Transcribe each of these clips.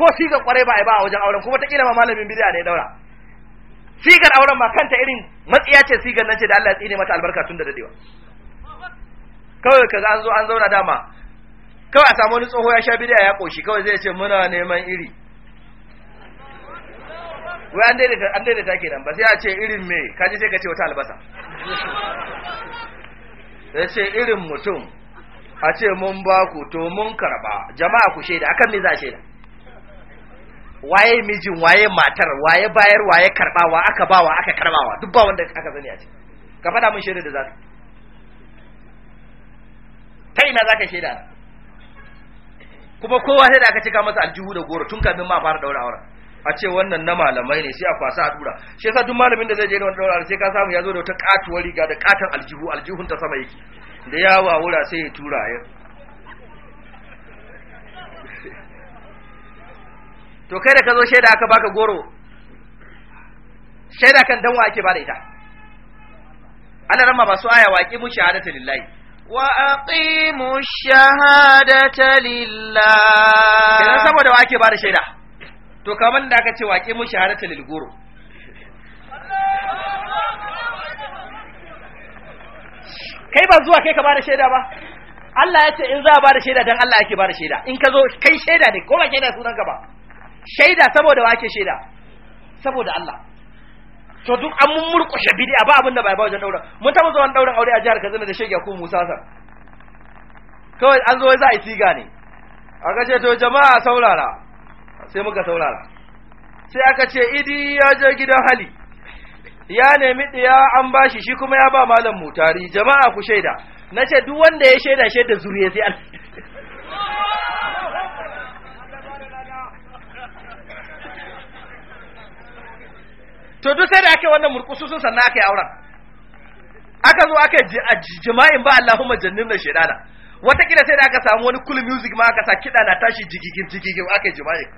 ko sigar kwarai ba a ba a wajen auren kuma ta kila ma malamin bid'a ne ya daura sigar auren ba kanta irin matsiya ce sigar nan ce da Allah ya tsine mata albarka tun da dadewa kawai kaga an zo an zauna dama kawai a samu wani tsoho ya sha bidiya ya koshi kawai zai ce muna neman iri wai an daidaita an daidaita kenan ba sai a ce irin me kaji sai ka ce wata albasa sai ce irin mutum a ce mun ba ku to mun karba jama'a ku shaida akan me za shaida waye mijin waye matar waye bayar waye karbawa aka bawa aka karbawa duk ba wanda aka zani a ce ka faɗa mun shaida da zaka ta ina zaka shaida kuma kowa sai da aka cika masa aljihu da goro tun kafin ma fara daura aure a ce wannan na malamai ne sai a kwasa a dura shi yasa duk malamin da zai je wannan daura sai ka samu ya zo da wata katuwar riga da katan aljihu aljihun ta sama yake da yawa wura sai ya tura ya to kai da ka zo shaida aka baka goro shaida kan danwa ake da ita Allah ramma ba su aya waƙi mu shahadatu lillahi wa aqimu shahadata lillahi idan saboda wake bada shaida to kamar da aka ce waƙi mu shahadatu lil goro kai ba zuwa kai ka bada shaida ba Allah ya ce in za a bada shaida dan Allah yake bada shaida in ka zo kai shaida ne ko ba shaida sunan ka ba shaida saboda wake shaida saboda Allah to duk an mun murƙushe bid'a ba abin da bai ba wajen daura mun taba zuwa daura aure a jihar Katsina da shege ko Musa sa kawai an zo za a yi siga ne aka ce to jama'a saurara sai muka saurara sai aka ce idi ya je gidan hali ya nemi diya an bashi shi kuma ya ba malam mutari jama'a ku shaida na ce duk wanda ya shaida shaida zuriya sai an to duk sai da ake wannan murkusu sun sannan aka yi auren aka zo aka jima'in ba Allahumma jannin na wata watakila sai da aka samu wani cool music ma aka sa kiɗa na tashi jigigin jigigin aka yi jima'in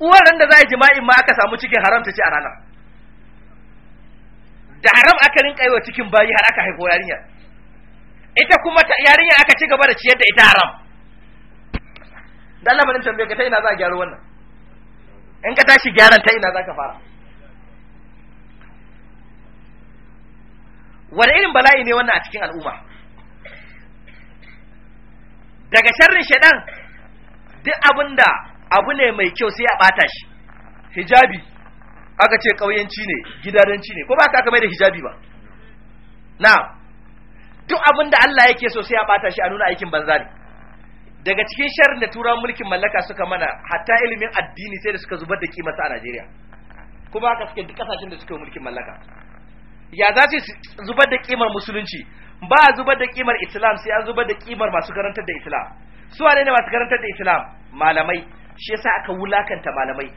uwar da za a yi jima'in ma aka samu cikin haramta ce a ranar da haram aka rinka yi wa cikin bayi har aka haifo yarinya ita kuma yarinya aka ci gaba da ciyar da ita haram da Allah tambaye ka ta ina za a gyara wannan in ka tashi gyaran ta ina zaka fara wani irin bala'i ne wannan a cikin al'umma daga sharrin shaidan duk abinda abu ne mai kyau sai a bata shi hijabi aka ce ƙauyenci ne gidadanci ne ko ba ka mai da hijabi ba na duk abinda Allah yake so sai a bata shi a nuna aikin banzari. daga cikin sharrin da turawan mulkin mallaka suka mana hatta ilimin addini sai da suka zubar da kimarsa a Najeriya kuma haka suke duk kasashen da suka yi mulkin mallaka ya za su zubar da kimar musulunci ba a zubar da kimar islam sai an zubar da kimar masu karantar da islam su wane ne masu karantar da islam malamai shi yasa aka wulakanta malamai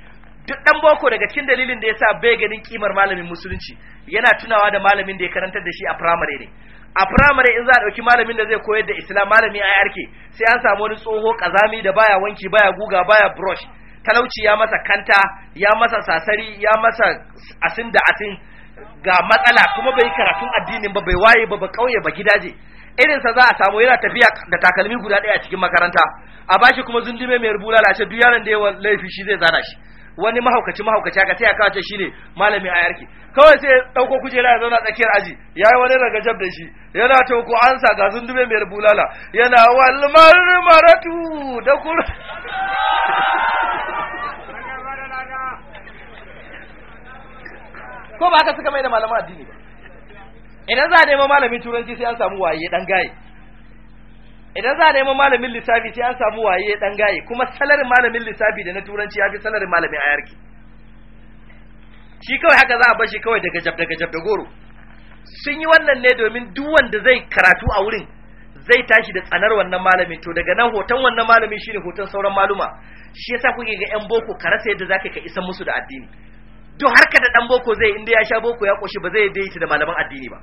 duk dan boko daga cikin dalilin da yasa bai ganin kimar malamin musulunci yana tunawa da malamin da ya karantar da shi a primary ne a firamare in za a ɗauki malamin da zai koyar da islam malami a yarke sai an samu wani tsoho kazami da baya wanki baya guga baya brush talauci ya masa kanta ya masa sasari ya masa asin da asin ga matsala kuma bai karatun addinin ba bai waye ba ba kauye ba gidaje irinsa za a samu yana tafiya da takalmi guda ɗaya a cikin makaranta a bashi kuma zundume mai rubu lashe, duk yaron da yawan laifi shi zai zana shi wani mahaukaci mahaukaci aka taya kawace shi ne malami a yarki kawai sai dauko kujera ya zauna tsakiyar aji yayi wani ragajab da shi yana to ko ansa ga zundume mai bulala yana wal maratu da kur ko ba haka suka mai da malaman addini ba idan za a nemo malamin turanci sai an samu waye dan gaye idan za a nemi malamin lissafi sai an samu waye dan gaye kuma salarin malamin lissafi da na turanci ya fi salarin malamin ayarki shi kawai haka za a bar shi kawai daga jab daga jab da goro sun yi wannan ne domin duk wanda zai karatu a wurin zai tashi da tsanar wannan malamin to daga nan hoton wannan malamin shine hoton sauran maluma shi yasa kuke ga yan boko ka rasa yadda zaka ka isa musu da addini duk harka da dan boko zai inda ya sha boko ya koshi ba zai daidaita da malaman addini ba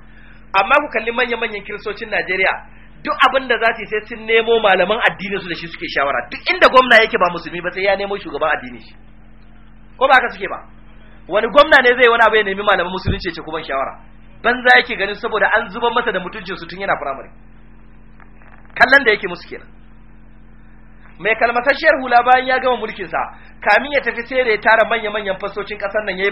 amma ku kalli manya manyan kiristocin Najeriya duk abin da za su sai sun nemo malaman addinin su da shi suke shawara duk inda gwamna yake ba musulmi ba sai ya nemo shugaban addini shi ko ba haka suke ba wani gwamna ne zai wani abu ya nemi malaman musulunci ce kuma shawara banza yake ganin saboda an zuba masa da mutuncin su tun yana firamare kallon da yake musu kenan mai kalmatashiyar hula bayan ya gama mulkin sa kamin ya tafi sai da ya tara manya manyan fasocin kasar nan ya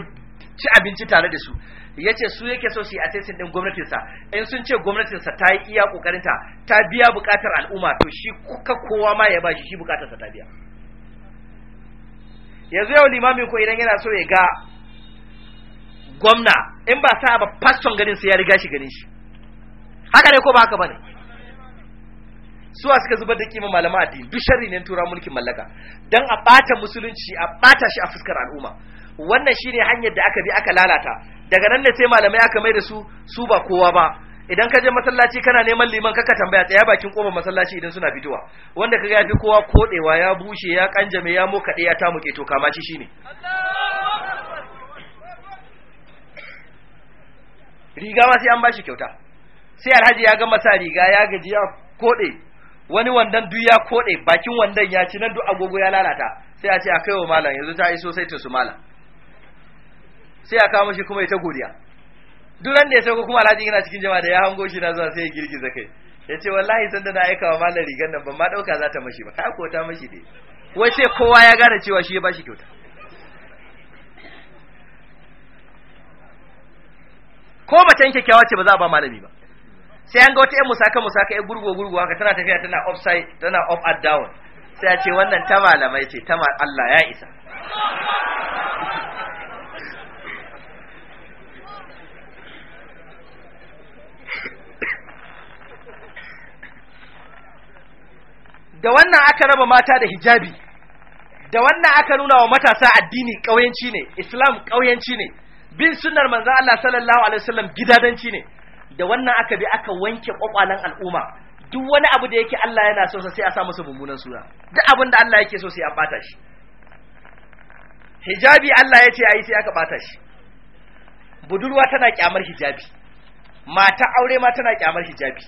ci abinci tare da su ya ce su yake so shi a tesin ɗin gwamnatinsa in sun ce gwamnatinsa ta yi iya ƙoƙarinta ta biya buƙatar al'umma to shi kuka kowa ma ya ba shi shi buƙatarsa ta biya yanzu yau limamin ko idan yana so ya ga gwamna in ba sa ba faston ganin su ya riga shi ganin shi haka ne ko ba haka bane suwa suka zubar da kima malama addini duk sharri ne tura mulkin mallaka dan a bata musulunci a bata shi a fuskar al'umma wannan shine hanyar da aka bi aka lalata daga nan ne sai malamai aka mai da su su ba kowa ba idan ka je masallaci kana neman liman kaka tambaya tsaya bakin kofar masallaci idan suna fitowa wanda kaga fi kowa kodewa ya bushe ya kanjame ya mokade ya muke to kama shi shine riga ma sai an bashi kyauta sai alhaji ya gama sa riga ya gaji ya kode wani wandan duk ya kode bakin wandan ya ci nan duk agogo ya lalata sai a ce a kaiwa malam yanzu ta iso sai ta su malam sai a kawo mashi kuma ya ta godiya duran da ya sauko kuma alhaji yana cikin jama'a da ya hango shi na zuwa sai ya girgiza kai ya ce wallahi sanda na aika wa malar rigar nan ban ma dauka za ta mashi ba ta ko ta mashi dai wai sai kowa ya gane cewa shi ya bashi kyauta ko macen kyakkyawa ce ba za a ba malami ba sai an ga wata yan musaka musaka yan gurgo gurgo haka tana tafiya tana offside tana up and down sai a ce wannan ta malamai ce ta Allah ya isa da wannan aka raba mata da hijabi da wannan aka nuna wa matasa addini ƙauyenci ne islam ƙauyenci ne bin sunnar manzo Allah sallallahu alaihi wasallam gidadanci ne da wannan aka bi aka wanke kwakwalan al'umma duk wani abu da yake Allah yana so sai a sa masa mummunan suna duk abin da Allah yake so sai a bata shi hijabi Allah ya ce ayi sai aka bata shi budurwa tana kyamar hijabi mata aure ma tana kyamar hijabi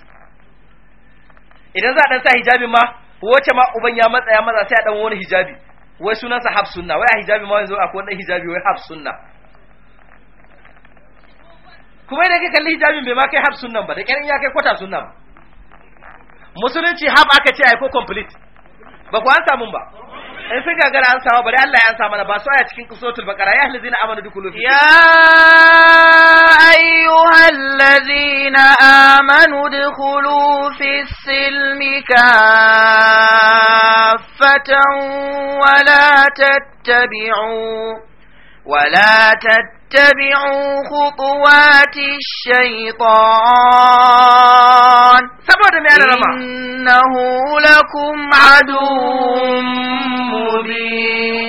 idan za a dan sa hijabin ma wace ma uban ya matsa ya matsa sai a dan wani hijabi wai sunansa hab sunna wai a hijabi ma yanzu akwai wani hijabi wai hab sunna kuma idan ka kalli hijabin bai ma kai hab sunnan ba da kyar ya kai kwata sunna ba musulunci hab aka ce ai ko complete ba ku an samu ba in sun gagara an samu bari Allah ya samu ba su aya cikin kusotul bakara ya ahlazina amanu dukulu fi ya ayyuhallazina amanu dukulu fi silmi kafatan wa la tattabi'u ولا تتبعوا خطوات الشيطان إنه لكم عدو مبين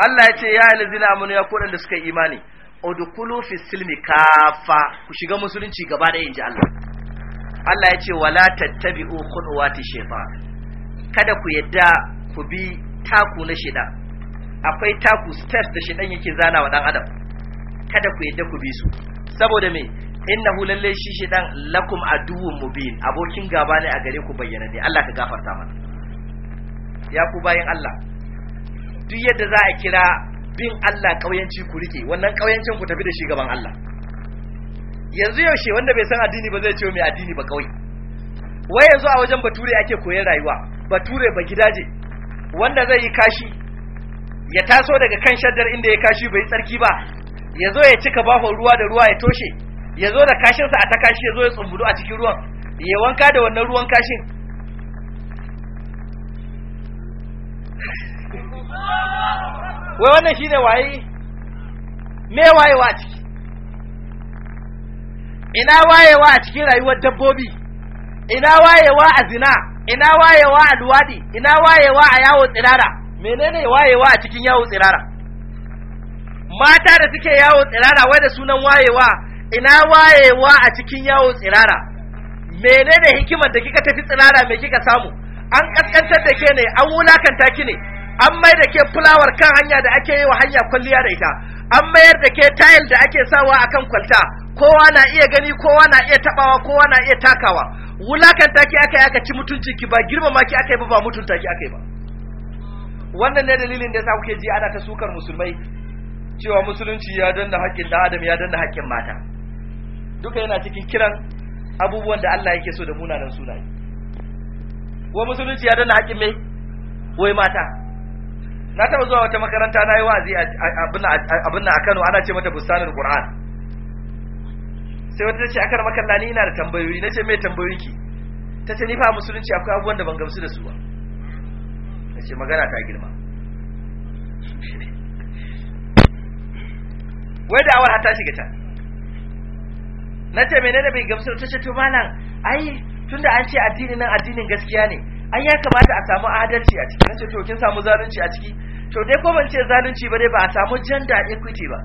Allah ya ce ya alazina amanu ya kodan da suka yi imani udkhulu fi silmi kafa ku shiga musulunci gaba da inji Allah Allah ya ce wala tattabi'u khutuwati shaytan kada ku yadda ku bi taku na shida akwai taku steps da shedan yake zana wa dan adam kada ku yadda ku bi su saboda me innahu lalle shi shedan lakum aduwwun mubin abokin gaba ne a gare ku bayyana ne Allah ka gafarta mana ya ku bayin Allah duk yadda za a kira bin Allah kauyanci ku rike wannan kauyancin ku tafi da shi gaban Allah yanzu yaushe wanda bai san addini ba zai ce mai addini ba kawai wai yanzu a wajen bature ake koyon rayuwa bature ba gidaje wanda zai yi kashi ya taso daga kan shaddar inda ya kashi bai tsarki ba ya zo ya cika bahon ruwa da ruwa ya toshe ya zo da kashinsa a ta kashi ya zo ya tsumbudu a cikin ruwan ya wanka da wannan ruwan kashin wai wannan shi ne waye me wayewa a ciki ina wayewa a cikin rayuwar dabbobi ina wayewa a zina ina wayewa a duwadi? ina wayewa a yawon tsirara menene wayewa a cikin yawo tsirara mata da suke yawo tsirara wai da sunan wayewa ina wayewa a cikin yawo tsirara menene hikimar da kika tafi tsirara me kika samu an kaskantar da ke ne an wulakanta ki ne an mai da ke fulawar kan hanya da ake yi wa hanya kwalliya da ita an mayar da ke tayil da ake sawa akan kwalta kowa na iya gani kowa na iya tabawa kowa na iya takawa wulakanta ki aka yi aka ci mutunci ki ba girmama ki aka yi ba ba mutunta ki aka yi ba wannan ne dalilin da yasa kuke ji ana ta sukar musulmai cewa musulunci ya danna haƙƙin da adam ya danna haƙƙin mata duka yana cikin kiran abubuwan da Allah yake so da munanan sunaye wa musulunci ya danna haƙƙin mai wai mata na taɓa zuwa wata makaranta na yi wa'azi abin na a Kano ana ce mata busanin Qur'an sai wata ta ce akar makalla ni ina da tambayoyi na ce me tambayoyi ki ta ce ni fa musulunci akwai abubuwan da ban gamsu da su ba ce magana ta girma wai da awar ta shiga ta. na ce nada bai gamsu ta ce to malam ai da an ce addini nan addinin gaskiya ne an ya kamata a samu adalci a ciki na ce to kin samu zalunci a ciki to dai ko ban ce zalunci ba dai ba a samu gender equity ba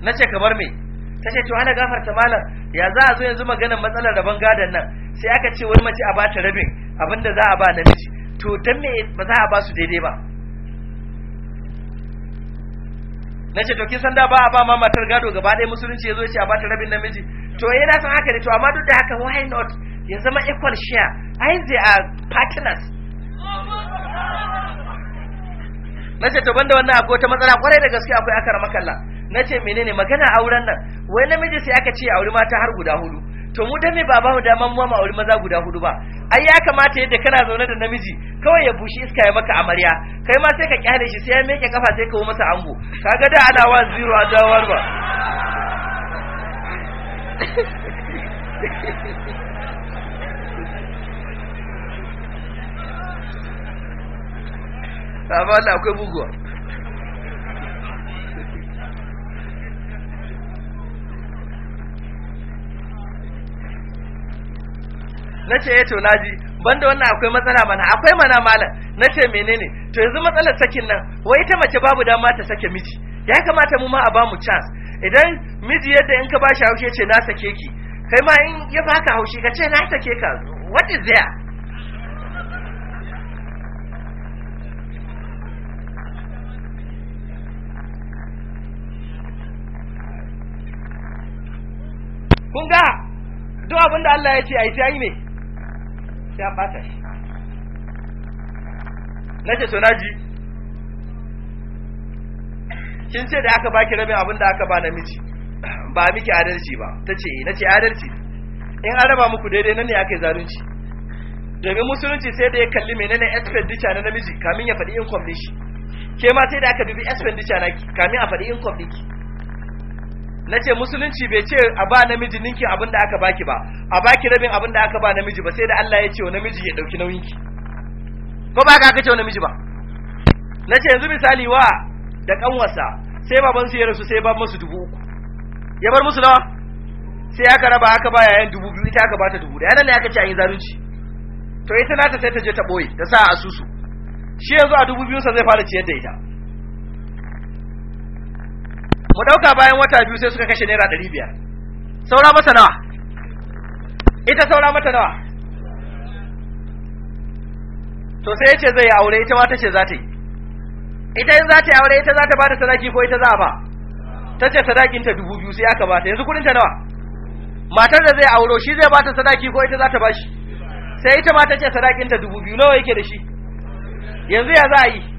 na ce kamar me ta ce to ana gafarta malam ya za a zo yanzu maganar matsalar rabon gadon nan sai aka ce wani mace a ba ta rabin abinda za a ba namiji to dan me ba za a ba su daidai ba na ce to kin san da ba a ba ma matar gado gaba ɗaya musulunci ya zo ya ce a ba ta rabin namiji to yana eh, son haka ne to amma duk da haka why not ya zama equal share ai zai a partners na ce to banda wannan akwai wata matsala kwarai da gaske akwai akara makalla na ce menene magana auren nan wai namiji sai aka ce auri mata har guda hudu to mu dan me ba ba mu daman mu auri maza guda hudu ba ai ya kamata yadda kana zaune da namiji kawai ya bushi iska ya maka amarya kai ma sai ka kyale shi sai ya meke kafa sai ka masa ango kaga da ana wa zero a dawar ba amma ce akwai na ce yato eh naji banda wannan akwai matsala mana akwai mana malam na ce menene to yanzu matsalar sakin nan wai ta mace babu dama ta sake miji ya kamata mu ma a bamu chance idan miji yadda in ka ba bashi haushe ce na sake ki kai ma in ya baka haushi ka ce na sake ka what is there kun ga duk abin da Allah ya ce ai sai yi me sai a bata shi ce to naji kin ce da aka baki rabin abin da aka ba namiji ba miki adalci ba tace eh, nace adalci in an raba muku daidai nan ne aka yi zalunci domin musulunci sai da ya kalli menene expenditure na namiji kamin ya faɗi income din shi ke ma sai da aka dubi expenditure na kamin a faɗi income din ki na ce musulunci bai ce a ba namiji ninkin abin da aka baki ba a baki rabin abin da aka ba namiji ba sai da Allah ya ce wa namiji ya ɗauki nauyinki ko ba ka kace wa namiji ba na ce yanzu misali wa da kanwarsa sai baban su ya rasu sai ba su dubu uku ya bar musu nawa sai aka raba aka ba yayan dubu biyu ita aka bata dubu da yanan ne aka ce an yi zalunci to ita na ta sai ta je ta boye ta sa a asusu shi yanzu a dubu sa zai fara ciyar da ita mu ɗauka bayan wata biyu sai suka kashe naira ɗari biyar saura mata nawa ita saura mata nawa to sai ya ce zai aure ita ma ta ce za ta yi ita in za ta yi aure ita za ta ba da sadaki ko ita za a ba ta ce sadakin ta dubu biyu sai aka ba ta yanzu kuɗin ta nawa matar da zai auro shi zai ba ta sadaki ko ita za ta ba shi sai ita ma ta ce sadakin ta dubu biyu nawa yake da shi yanzu ya za a yi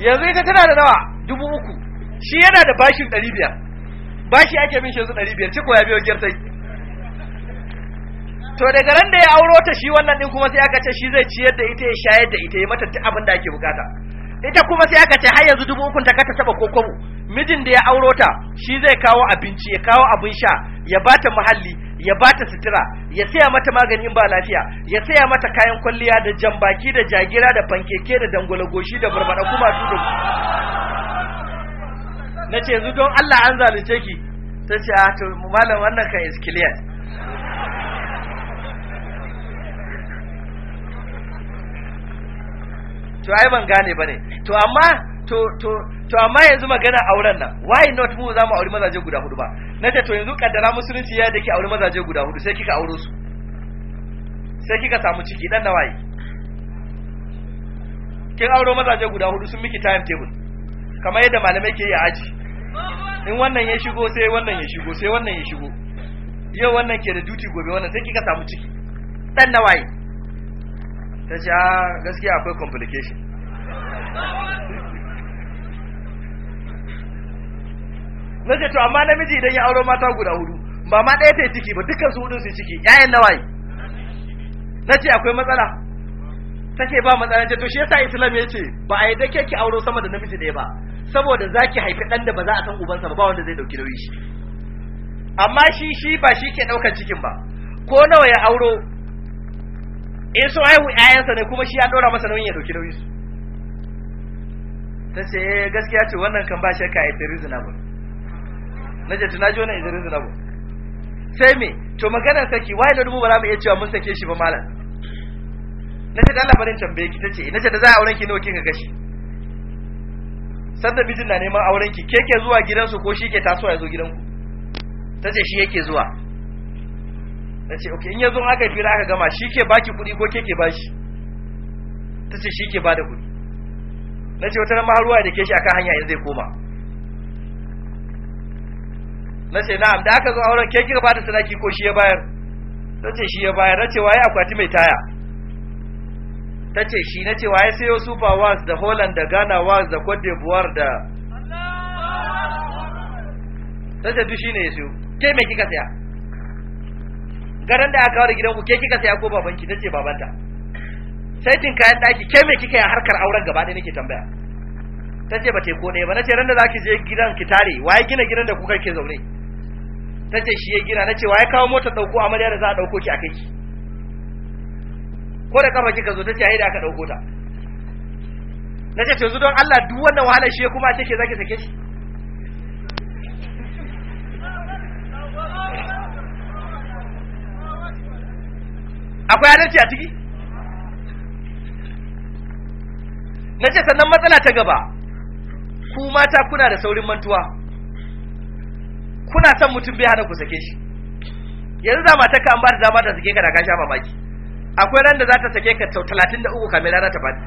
yanzu ita tana da nawa dubu uku shi yana da bashin ɗari biyar bashi ake bin shi yanzu ɗari biyar ciko ya biyo girtai to daga ran da ya auro ta shi wannan ɗin kuma sai aka ce shi zai ciyar da ita ya shayar da ita ya mata abin da ake bukata ita kuma sai aka ce har yanzu dubu ukun ta kata taba kokobo mijin da ya auro ta shi zai kawo abinci ya kawo abin sha ya bata muhalli ya bata sutura ya saya mata maganin in ba lafiya ya saya mata kayan kwalliya da jambaki da jagira da fankeke da dangwala da barbada kuma tudu na ce yanzu don Allah an zalunce ki sai ce a ah, to malam wannan kan is to ai ban gane bane to amma to to to amma yanzu magana auren nan why not mu za mu auri mazaje guda hudu ba Na ce to yanzu kaddara musulunci ya dake auri mazaje guda hudu sai kika auro su sai kika samu ciki dan da waye kin auro mazaje guda hudu sun miki time table kamar yadda malamai ke yi a aji in wannan ya shigo sai wannan ya shigo sai wannan ya shigo yau wannan ke da duty gobe wannan sai kika samu ciki dan da waye ta ce a ah, gaskiya akwai complication na ce to amma namiji idan ya auro mata guda hudu ba ma ɗaya ta yi ciki ba dukkan su hudun su ciki yayin yi na ce akwai matsala ta ce ba matsala ce to shi yasa islam ya ce ba a yi da ki auro sama da namiji ɗaya ba saboda za ki haifi ɗan da ba za a san ubansa ba wanda zai ɗauki nauyi shi amma shi shi ba shi ke ɗaukar cikin ba ko nawa ya auro in eh, sun haihu ƴaƴansa ne kuma shi ya ɗora masa nauyin ya ɗauki nauyin su ta ce eh, gaskiya ce wannan kan ba shakka it's reasonable na ce na ji wannan is reasonable sai me to maganar saki wai da dubu ba za mu iya cewa mun sake shi ba malam na ce dala Allah barin tambaye ki ce na ce da za a auren ki nawa kika gashi sanda mijin na neman auren ki ke zuwa gidansu ko shi ke tasowa ya zo gidanku Ta ce shi yake zuwa na ce ok in yazo zo aka fira aka gama shi ke baki kuɗi ko ke ke bashi ta ce shi ke ba da kuɗi na ce wata ma ruwa da ke shi akan hanya in zai koma na ce na'am da aka zo auren ke kika ba da sadaki ko shi ya bayar ta ce shi ya bayar na ce waye akwati mai taya ta ce shi na ce waye sayo super wars da holland da ghana wars da cote d'ivoire da ta ce duk shi ne ya siyo ke me kika saya garan da aka kawo da gidanku ke kika saya ko babanki tace babanta saitin kayan daki ke me kika yi harkar auren gaba ɗaya nake tambaya tace ba te ko ɗaya ba nace ran da zaki je gidan ki tare waye gina gidan da kuka ke zaune tace shi ya gina nace waye kawo mota dauko amarya da za a dauko ki akai ki ko da kafa kika zo tace ai da aka dauko ta nace to yanzu don Allah duk wannan wahalar shi kuma a ce ke zaki sake shi akwai adalci a ciki na ce sannan matsala ta gaba ku mata kuna da saurin mantuwa kuna son mutum bai hana ku sake shi yanzu za mata ka an ba da dama ta sake ka da ka sha mamaki akwai ran da za ta sake ka sau talatin da uku kamin rana ta faɗi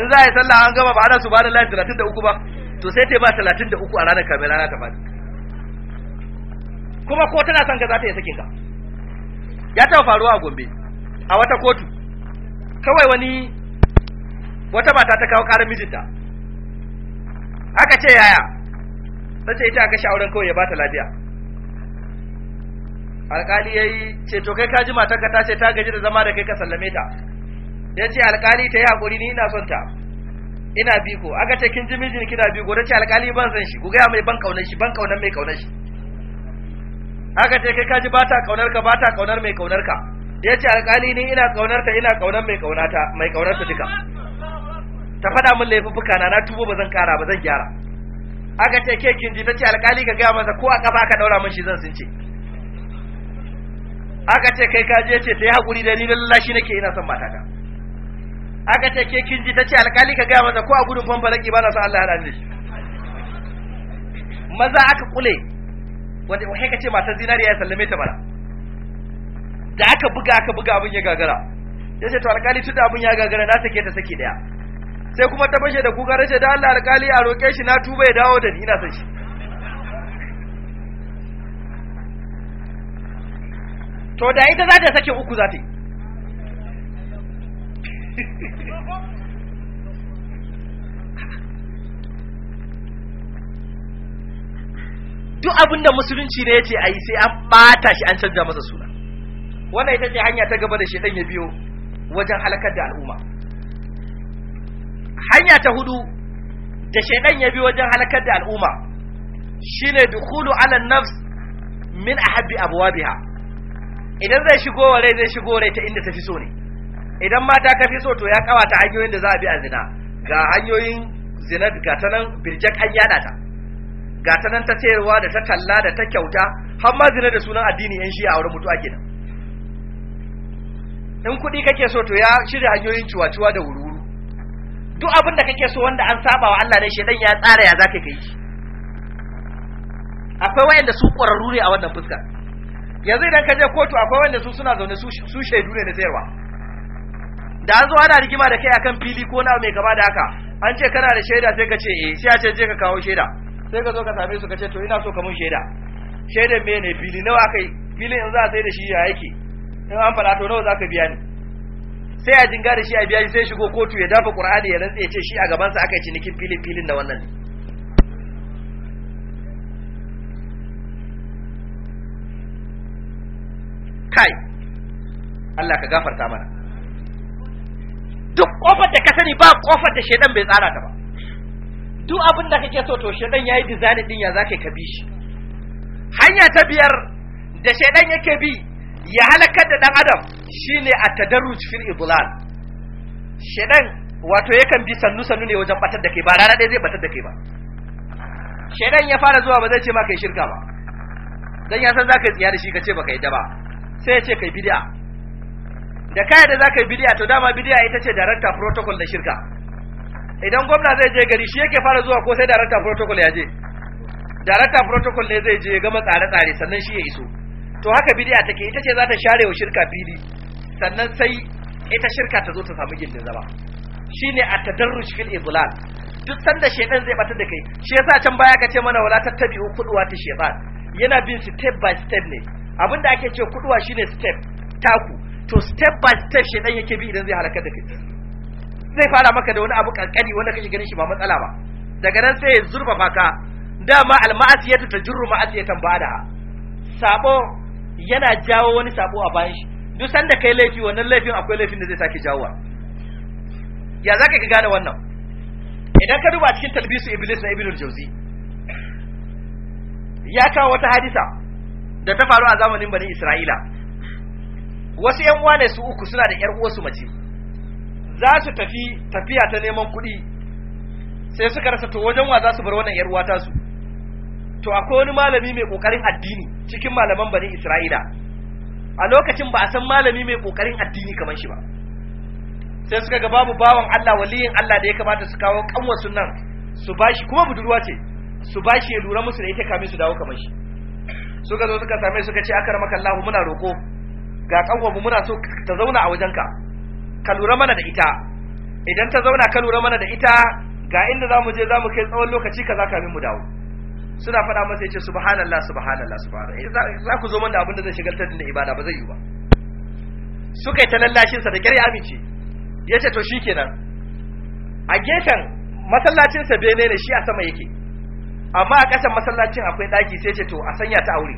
in za a yi sallah an gama ba ana su ba da layin talatin da uku ba to sai ta yi ba talatin da uku a ranar kamin rana ta faɗi kuma ko tana son ka za ta yi sakin ka ya taɓa faruwa a gombe a wata kotu kawai wani wata mata ta kawo ƙarar mijinta aka ce yaya ta ce ita aka sha auren kawai ya ba ta lafiya alƙali ya yi ce to kai kaji matanka ta ce ta gaji da zama da kai ka sallame ta ya ce alƙali ta yi haƙuri ni ina son ta ina biko aka ce kin ji mijin kina biko ta ce alƙali ban san shi ku gaya mai ban kaunar shi ban kaunar mai kaunar shi aka ce kai kaji ba ta kaunar ka ba ta kaunar mai kaunar ka ya ce alkali ni ina kaunar ta ina kaunar mai kaunata mai kaunar ta duka ta faɗa min laifuffuka na na tubo ba zan kara ba zan gyara aka ce ke kin ji ta alkali ka gaya masa ko a kafa ka daura min shi zan sun ce aka ce kai kaji yace ce ta yi hakuri da ni lallashi nake ina son matata aka ce ke kin ji ta alkali ka gaya masa ko a gudun famfa nake ba na son Allah ya haɗa shi maza aka kule wanda sai ka ce matar zinariya ya sallame ta bara da aka buga aka buga abin ya gagara ya ce to alkali tunda abin ya gagara na sake ta saki daya sai kuma ta fashe da kuka rashe da Allah alkali a roƙe shi na tuba ya dawo da ni ina son shi to da ita za ta sake uku za ta yi duk abin da musulunci ne a yi sai an bata shi an canza masa suna wannan ita ce hanya ta gaba da shedan ya biyo wajen halakar da al'umma hanya ta hudu da shedan ya biyo wajen halakar da al'umma shine dukhulu ala nafs min ahabbi abwabiha idan zai shigo wa rai zai shigo rai ta inda tafi so ne idan mata ka fi so to ya kawata hanyoyin da za a bi a zina ga hanyoyin zina ga ta nan birjak an yada ta ga ta nan ta sayarwa da ta talla da ta kyauta har ma zina da sunan addini yan shi a wurin mutuwa kenan in kuɗi kake so to ya shirya hanyoyin ciwaciwa da wuri-wuri duk abin da kake so wanda an saba wa Allah ne shedan ya tsara ya zaka kai shi akwai wayanda su ƙwararru ne a wannan fuska yanzu idan ka je kotu akwai wayanda su suna zaune su shaidu ne da sayarwa da an zo ana rigima da kai akan fili ko na mai gaba da haka an ce kana da shaida sai ka ce eh sai a ce je ka kawo shaida sai ka zo ka same su ka ce to ina so ka mun shaida shaidan me ne fili nawa kai fili in za a sai da shi ya yake in an fara to nawa za ka biya ni sai a jinga da shi a biya shi sai shigo kotu ya dafa qur'ani ya rantsa ya ce shi a gaban sa aka yi cinikin filin filin da wannan kai Allah ka gafarta mana duk kofar da ka sani ba kofar da shaidan bai tsara ta ba duk abin da kake so to shedan yayi design din ya zakai ka bi shi hanya ta biyar da shedan yake bi ya halakar da dan adam shine a tadarruj fil idlal shedan wato yakan bi sannu sannu ne wajen batar da kai ba rana ɗaya zai batar da kai ba shedan ya fara zuwa ba zai ce ma kai shirka ba dan ya san zakai tsiya da shi kace kai da ba sai ya ce kai bid'a da kai da zakai yi bid'a to dama bid'a ita ce darakta protocol da shirka idan gwamna zai je gari shi yake fara zuwa ko sai darakta protocol ya je darakta protocol ne zai je gama tsare-tsare sannan shi ya iso to haka bidiya take ita ce za ta share wa shirka fili sannan sai ita shirka ta zo ta samu gindin zama ne a shi Filin idlal duk sanda shedan zai batar da kai shi yasa can baya ka ce mana wala tabi kudwa ta shedan yana bin step by step ne abinda ake ce kudwa shine step taku to step by step shedan yake bi idan zai halaka da kai zai fara maka da wani abu kankani wanda kake ganin shi ba matsala ba daga nan sai ya zurfafa ka dama alma'asiyatu tajurru ma'asiyatan ba'daha sabo yana jawo wani sabo a bayan shi duk sanda kai laifi wannan laifin akwai laifin da zai sake jawo ya zaka ka gane wannan idan ka duba cikin talbisu iblis na ibnul jawzi ya kawo wata hadisa da ta faru a zamanin bani isra'ila wasu yan uwa ne su uku suna da yar uwarsu mace za su tafi tafiya ta neman kuɗi sai suka rasa to wajen wa za su bar wannan yarwa ta su, to akwai wani malami mai kokarin addini cikin malaman bani isra'ila a lokacin ba a san malami mai kokarin addini kamar shi ba sai suka ga babu bawan Allah waliyin Allah da ya kamata su kawo kanwa sunan su bashi kuma budurwa ce su bashi ya lura musu da ita kamin su dawo kamar shi suka zo suka same suka ce akar maka Allah muna roko ga kanwa mu muna so ta zauna a wajenka ka lura mana da ita idan ta zauna ka lura mana da ita ga inda za mu je za mu kai tsawon lokaci kaza kamin mu dawo suna faɗa masa yace subhanallah subhanallah subhanallah eh, za ku zo man abin da zai shigaltar da ibada ba zai yi ba suka yi ta lallashin sa da kyar ya amince yace to shikenan a gefen masallacin sa bene ne shi a sama yake amma a ƙasan masallacin akwai ɗaki sai ce to a sanya ta a aure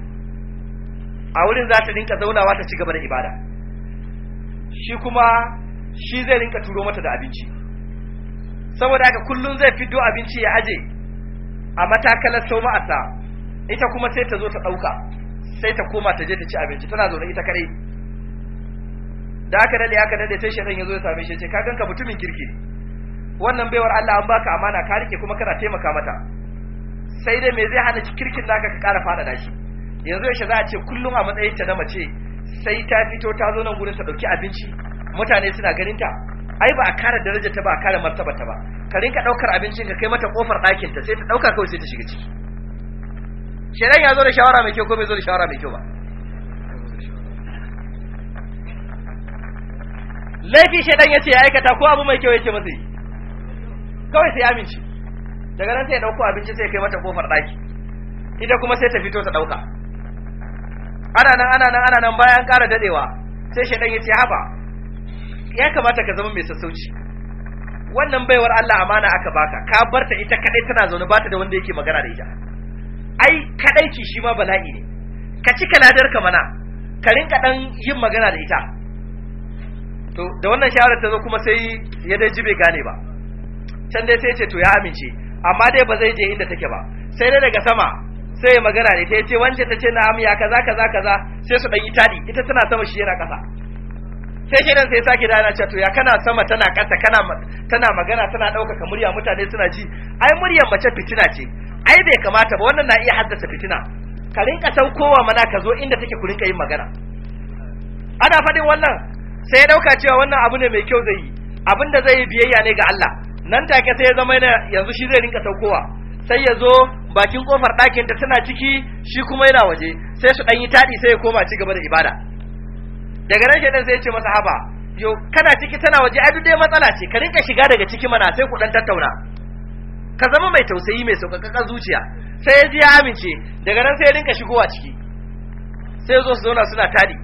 a wurin za ta rinka zaunawa ta ci gaba da ibada shi kuma shi zai rinka turo mata da abinci saboda haka kullum zai fito abinci ya aje a matakalar sau ma'asa ita kuma sai ta zo ta ɗauka sai ta koma ta je ta ci abinci tana zaune ita kare da aka dade aka dade sai shaidan ya zo ya same shi ya ce ka ganka mutumin kirki wannan baiwar Allah an baka amana ka rike kuma kana taimaka mata sai dai me zai hana ki kirkin naka ka ƙara da shi yanzu yaushe za a ce kullum a matsayin ta na mace sai ta fito ta zo nan gurin ta ɗauki abinci mutane suna ganin ta ai ba a kare daraja ta ba a kare martaba ta ba ka rinka daukar abincin ka kai mata kofar ɗakin ta sai ta dauka kawai sai ta shiga ciki shedan ya zo da shawara mai kyau ko bai zo da shawara mai kyau ba laifi shedan ya ce ya aikata ko abu mai kyau ya masa yi kawai sai amince daga nan sai ya dauko abinci sai ya kai mata kofar ɗaki ita kuma sai ta fito ta dauka ana nan ana nan ana nan bayan ƙara dadewa sai shedan ya ce haba ya kamata ka zama mai sassauci wannan baiwar Allah amana aka baka ka barta ita kadai tana zaune bata da wanda yake magana da ita ai ki shi ma bala'i ne ka ci kaladar ka mana ka rinka dan yin magana da ita to da wannan shawarar ta zo kuma sai ya dai jibe gane ba can dai sai ce to ya amince amma dai ba zai je inda take ba sai dai daga sama sai magana da ita ya ce wance ta ce na ya kaza kaza kaza sai su dan yi tadi ita tana sama shi yana kasa sai shedan sai sake dana yana cewa to ya kana sama tana ƙasa kana tana magana tana ɗaukaka murya mutane suna ji ai muryar mace fitina ce ai bai kamata ba wannan na iya haddasa fitina ka rinka saukowa mana ka zo inda take ku rinka yin magana ana faɗin wannan sai ya ɗauka cewa wannan abu ne mai kyau zai yi abin da zai yi biyayya ne ga Allah nan take sai ya zama yanzu shi zai rinka saukowa sai ya zo bakin kofar ɗakin da tana ciki shi kuma yana waje sai su ɗan yi taɗi sai ya koma ci gaba da ibada daga nan shedan sai ya ce masa haba yo kana ciki tana waje ai duk dai matsala ce ka rinka shiga daga ciki mana sai ku dan tattauna ka zama mai tausayi mai sauƙaƙaƙan zuciya sai ya ji ya amince daga nan sai ya rinka shigowa ciki sai zo su zauna suna tadi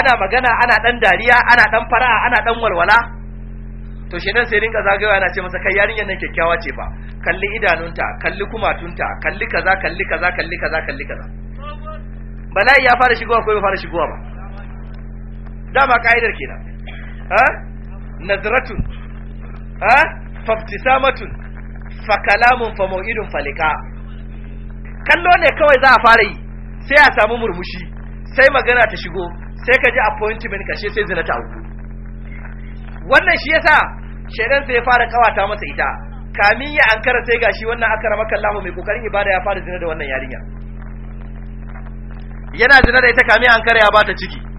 ana magana ana dan dariya ana dan fara'a ana dan walwala to nan sai rinka zagayowa yana ce masa kai yarinyar nan kyakkyawa ce fa kalli idanunta kalli kumatunta kalli kaza kalli kaza kalli kaza kalli kaza bala'i ya fara shigowa ko bai fara shigowa ba dama ka'idar kenan ha nazratun ha fabtisamatun fa kalamun fa mau'idun fa kallo ne kawai za a fara yi sai a samu murmushi sai magana ta shigo sai ka ji appointment kashe sai zina ta auku wannan shi yasa shedan sai ya fara kawata masa ita kamin ya ankara sai gashi wannan akara makallahu mai kokarin ibada ya fara zina da wannan yarinya yana zina da ita kamin ankara ya bata ciki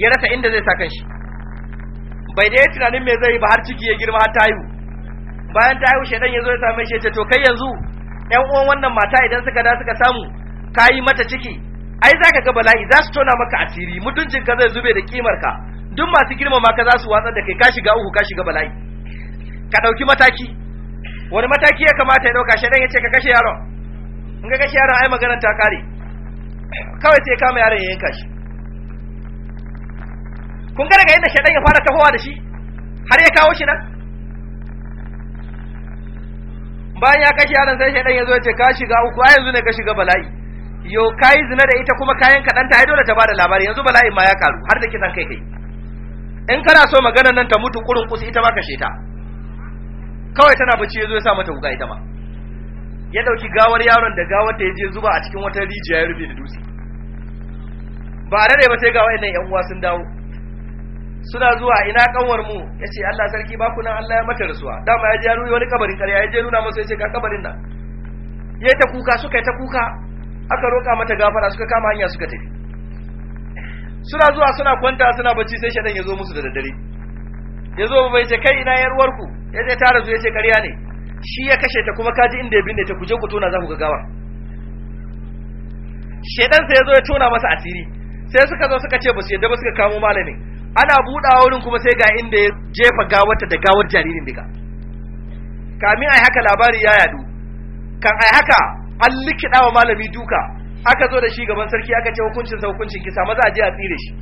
ya rasa inda zai sa kanshi bai da tunanin me zai yi ba har ciki ya girma har tayu bayan tayu shedan ya zo ya same shi ya ce to kai yanzu yan uwan wannan mata idan suka da suka samu ka yi mata ciki ai za ka ga bala'i za su tona maka asiri mutuncin ka zai zube da kimar ka duk masu ma ka za su watsar da kai ka shiga uku ka shiga bala'i ka ɗauki mataki wani mataki ya kamata ya ɗauka shedan ya ce ka kashe yaron in ka kashe yaron ai magana ta kare kawai sai kama yaron ya yanka shi kun ga daga yadda shaɗan ya fara tahowa da shi har ya kawo shi nan bayan ya kashe yaron sai shaɗan ya zo ya ce ka shiga uku ai yanzu ne ka shiga bala'i yo kai zina da ita kuma kayan kaɗan ta dole ta bada labari yanzu bala'in ma ya karu har da kisan kai kai in kana so maganar nan ta mutu kurin kusa ita ma kashe ta kawai tana bacci ya zo ya sa mata wuka ita ma ya ɗauki gawar yaron da gawar ta je zuba a cikin wata rijiya ya rufe da dutse ba a daɗe ba sai ga wa'annan 'yan uwa sun dawo suna zuwa ina kanwar mu yace Allah sarki ba ku nan Allah ya mata rasuwa dama ya je ya wani kabarin ƙarya ya je nuna masa yace ga kabarin nan yayi ta kuka suka yi ta kuka aka roka mata gafara suka kama hanya suka tafi suna zuwa suna kwanta suna bacci sai shaɗan ya zo musu da daddare ya zo bai ce kai ina yarwar ku. ya ce tara zuwa ya ce ƙarya ne shi ya kashe ta kuma kaji inda ya binne ta kuje ku tona za ku ga gawa. shedan sai ya zo ya tona masa asiri sai suka zo suka ce ba su yadda ba suka kamo malamin ana buɗawa wurin kuma sai ga inda ya jefa gawarta da gawar jaririn diga. kamin a yi haka labari ya yadu kan yi haka an likida wa malami duka aka zo da shi gaban sarki aka ce hukuncin sa hukuncin kisa maza a je a tsire shi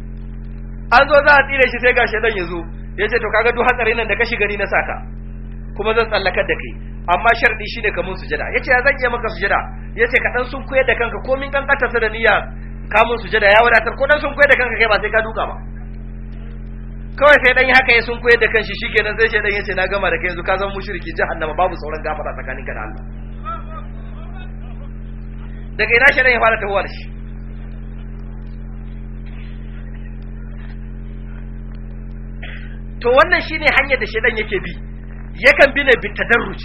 an zo za a tsire shi sai ga shedan ya zo ya ce to kaga duk hatsarin nan da kashi gani na saka kuma zan tsallakar da kai amma sharɗi shi ne kamun sujada ya ce ya zan iya maka sujada ya ce ka ɗan sun koyar da kanka komin sa da niyya kamun sujada ya wadatar ko ɗan sun koyar da kanka kai ba sai ka duka ba kawai sai dan yi haka ya sun koyar da kanshi shikenan sai shedan ya ce na gama da kai yanzu ka zama mushriki jahannama babu sauran gafara tsakaninka da Allah daga ina shedan ya fara tahowa da shi to wannan shine hanyar da shedan yake bi yakan bi ne bi tadarruj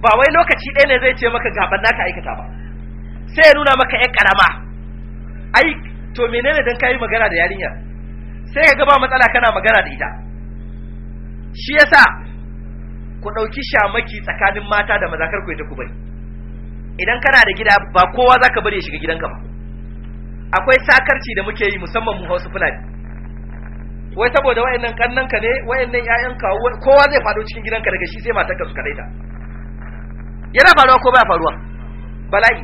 ba wai lokaci ɗaya ne zai ce maka gaban naka aikata ba sai ya nuna maka ƴan karama ai to menene dan kai magana da yarinya sai ka ga ba matsala kana magana da ita shi yasa ku ɗauki shamaki tsakanin mata da maza kar ku ta ku bari idan kana da gida ba kowa zaka bari ya shiga gidanka ba akwai sakarci da muke yi musamman mu Hausa Fulani wai saboda wayannan kannan ka ne wayannan ƴaƴan ka kowa zai fado cikin gidanka daga shi sai matarka su kadaita yana faruwa ko baya faruwa bala'i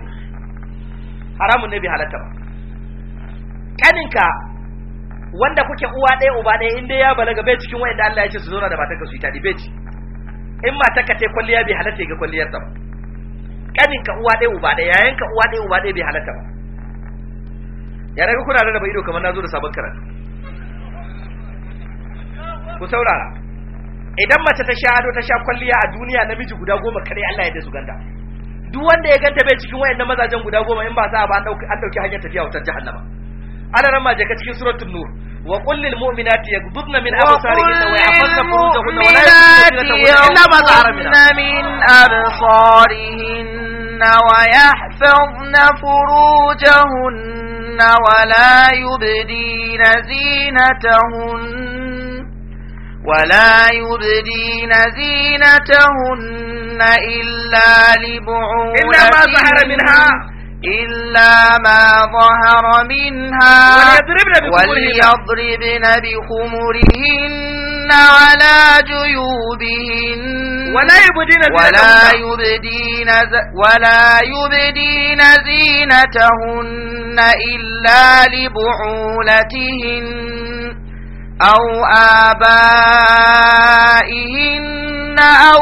haramun ne bai halatta ba kaninka wanda kuke uwa ɗaya uba ɗaya in dai ya balaga bai cikin wayanda Allah ya ce su zauna da matarka su yi dibeci in ci in matarka ta kwalliya bai halatta ga kwalliyar ta ba kanin ka uwa ɗaya uba ɗaya yayin ka uwa ɗaya uba ɗaya bai halatta ba ya daga kuna rarraba ido kamar na zo da sabon karatu ku saurara idan mace ta sha ado ta sha kwalliya a duniya namiji guda goma kare Allah ya da su ganda duk wanda ya ganta bai cikin wayannan mazajen guda goma in ba sa ba an dauki hanyar tafiya wutar jahannama على رمى جكت في سورة النور وقل للمؤمنات يقبضن من أبصارهن ويحفظن فروجهن من أبصارهن ويحفظن فروجهن ولا يبدين زينتهن ولا يبدين زينتهن إلا لبعولتهن إنما ما ظهر منها إلا ما ظهر منها وليضربن, وليضربن بخمرهن على جيوبهن ولا يبدين ولا يبدين ولا يبدين زينتهن إلا لبعولتهن أو آبائهن أو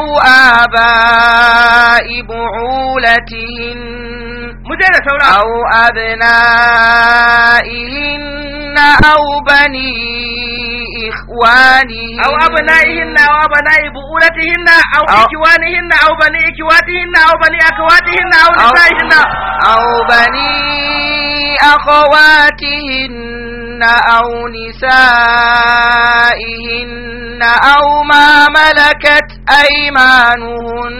آباء بعولتهن مجھے رسولا او ابنائهن او بني اخوانهن او ابنائهن او ابنائ بؤولتهن او اخوانهن او بني اخواتهن او بني اخواتهن او نسائهن او بني اخواتهن او نسائهن او ما ملكت ايمانهن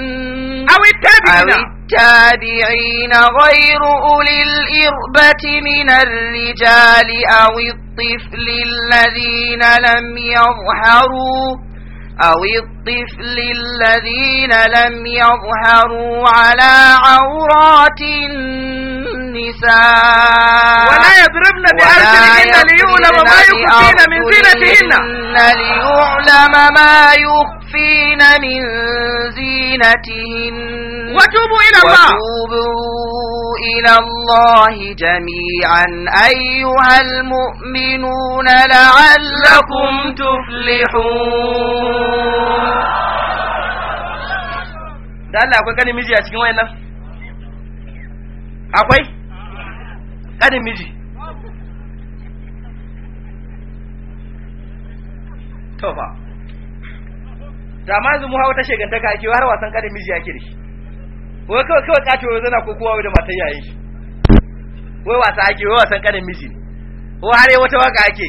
او التابعين تابعين غير أولي الإربة من الرجال أو الطفل الذين لم يظهروا أو الطفل الذين لم يظهروا على عورات النساء ولا يضربن بأرجلهن ليعلم ما يخفين من زينتهن ليعلم ما يخفين يستخفين من زينتهن وتوبوا إلى الله وتوبوا إلى الله جميعا أيها المؤمنون لعلكم تفلحون da Allah akwai ganin miji a cikin wayannan akwai ganin miji Da amma yanzu mu hawa ta shegantaka ake har wasan kare miji yake da shi wai kawai kawai kato wai zana ko kowa da matan yayin shi wai wasa ake wai wasan kare miji ko har yi wata waka ake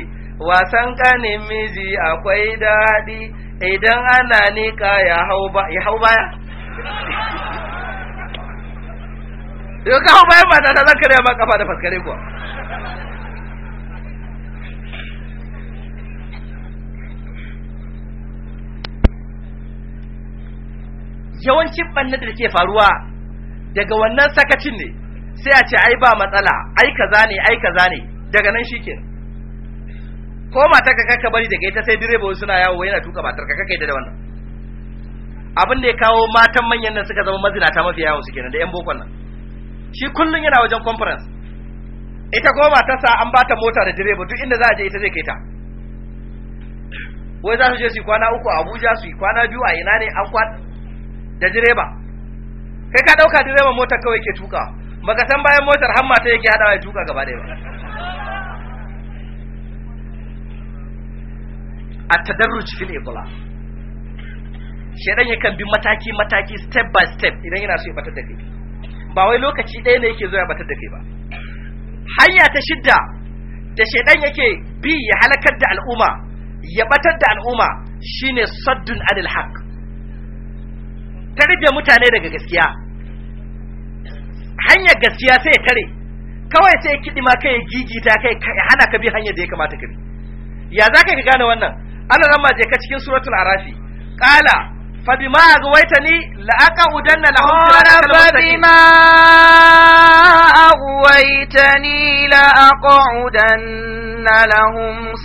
wasan kanin miji akwai daɗi idan ana nika ya hau baya yau ka hau bayan ba ta zan karya ba kafa da faskare kuwa yawancin bannin da ke faruwa daga wannan sakacin ne sai a ce ai ba matsala ai kaza ne ai kaza ne daga nan shikenan ko mata ka kaka bari daga ita sai direba suna yawo yana tuka matar ka kaka da wannan abin da ya kawo matan manyan nan suka zama mazinata mafi yawon suke nan, da yan bokon nan shi kullun yana wajen conference ita kuma matarsa an bata mota da direba duk inda za a je ita zai kai ta wai za su je su kwana uku a Abuja su kwana biyu a ina ne an kwana da direba kai ka dauka direban motar kawai ke tuka baka san bayan motar hamma ta yake hadawa ya tuka gaba daya ba at-tadarruj fil iqla shedan yakan bi mataki mataki step by step idan yana so ya batar da kai ba wai lokaci ɗaya ne yake zuwa ya batar da kai ba hanya ta shidda da shedan yake bi ya halakar da al'umma ya batar da al'umma shine saddun adil haqq ta rufe mutane daga gaskiya hanyar gaskiya sai ya tare kawai sai ya ma kai ya ta kai ya hana ka bi hanyar da ya kamata ka bi ya za ka gane wannan Allah ramma je ka cikin suratul arafi ƙala فبما ma لأقعدن لهم صراطك فبما Udan na لهم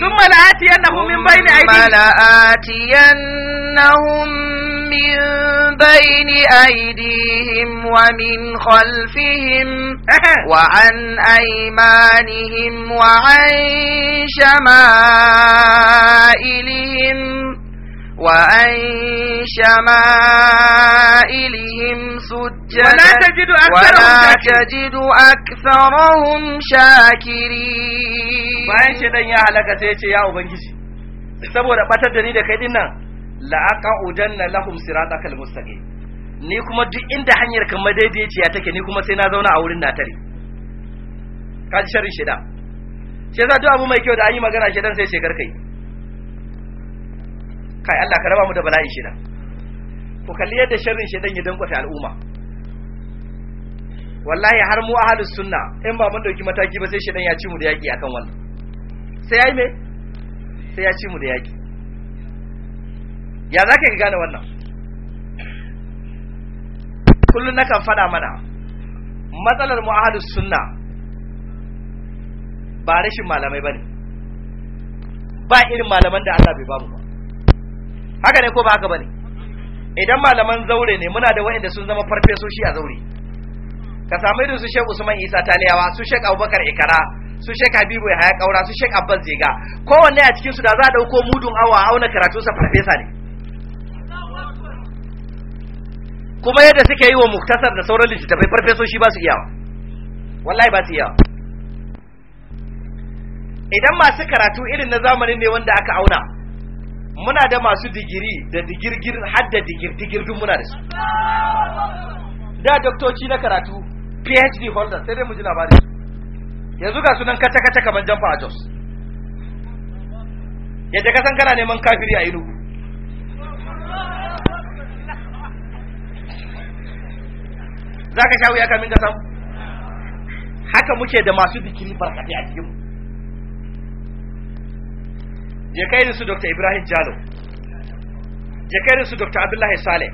ثم لآتينهم من بين أيديهم ثم لآتينهم من بين أيديهم ومن خلفهم وعن أيمانهم وعن شمائلهم وعن شمائلهم سجدا ولا تجد أكثرهم, ولا تجد أكثرهم شاكرين bayan shaidan ya halaka sai ya ce ya ubangiji saboda batar da ni da kai din nan la'aqa ujanna lahum siratakal mustaqim ni kuma duk inda hanyar kan madaidaiciya take ni kuma sai na zauna a wurin natare kan sharri shida sai za duk abu mai kyau da an yi magana shaidan sai shegar kai kai Allah ka raba mu da bala'i shi ku kalli yadda sharrin shedan ya ta al'umma wallahi har mu ahlus sunna in ba mun dauki mataki ba sai shedan ya ci mu da yaki akan wannan sai yayi me sai ya ci mu da yaki ya zaka ka gane wannan kullun kan fada mana matsalar mu ahlus sunna ba rashin malamai bane ba irin malaman da Allah bai bamu ba haka ne ko ba haka bane idan malaman zaure ne muna da waɗanda sun zama farfesoshi a zaure ka samu irin su Sheikh Usman Isa Taliyawa su Sheikh Abubakar Ikara su Sheikh Habibu Yahaya Kaura su Sheikh Abbas Jega kowanne a cikin su da za a dauko mudun awa auna karatu sa farfesa ne kuma yadda suke yi wa muktasar da sauran littattafai farfesoshi ba su iyawa wallahi ba su iyawa idan masu karatu irin na zamanin ne wanda aka auna muna da masu digiri da digirgir har da digirgir duk muna da su da doktoci na karatu phd holder sai dai mu ji labarin yanzu ga sunan kace-kace kamar jamfa a jos yadda ka kasan kana neman kafiri a inugu za ka sha wuya kamin ka sam. haka muke da masu digiri barkatai a cikinmu je kai da su dr ibrahim jalo je kai da su dr abdullahi saleh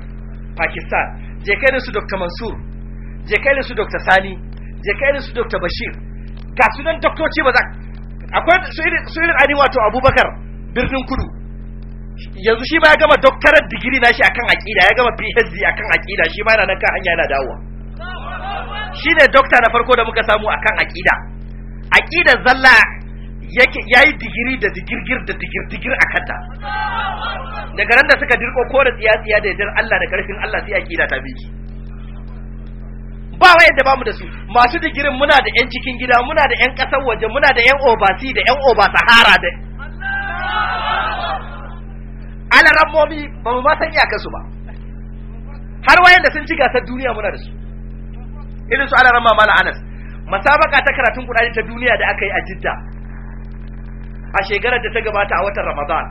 pakistan je kai da su dr mansur je kai da su dr sani je kai da su dr bashir ga nan doktoci ba za akwai su irin ani wato abubakar birnin kudu yanzu shi ma ya gama doktorat digiri na shi akan aƙida ya gama phd akan aƙida shi ma yana nan kan hanya yana dawowa shi ne dokta na farko da muka samu akan aƙida aƙida zalla yake yayi digiri da digirgir da digirdigir a kanta daga ran da suka dirko ko da tsiya tsiya da yadar Allah da karfin Allah sai akida ta biki. ba wai yadda bamu da su masu digirin muna da yan cikin gida muna da yan kasar waje muna da yan obasi da yan oba sahara da alaran momi ba mu ma san kasu ba har wayan da sun ci gasar duniya muna da su irin su alaran mamala anas masabaka ta karatun kurani ta duniya da aka yi a jidda a shekarar da ta gabata a watan ramadan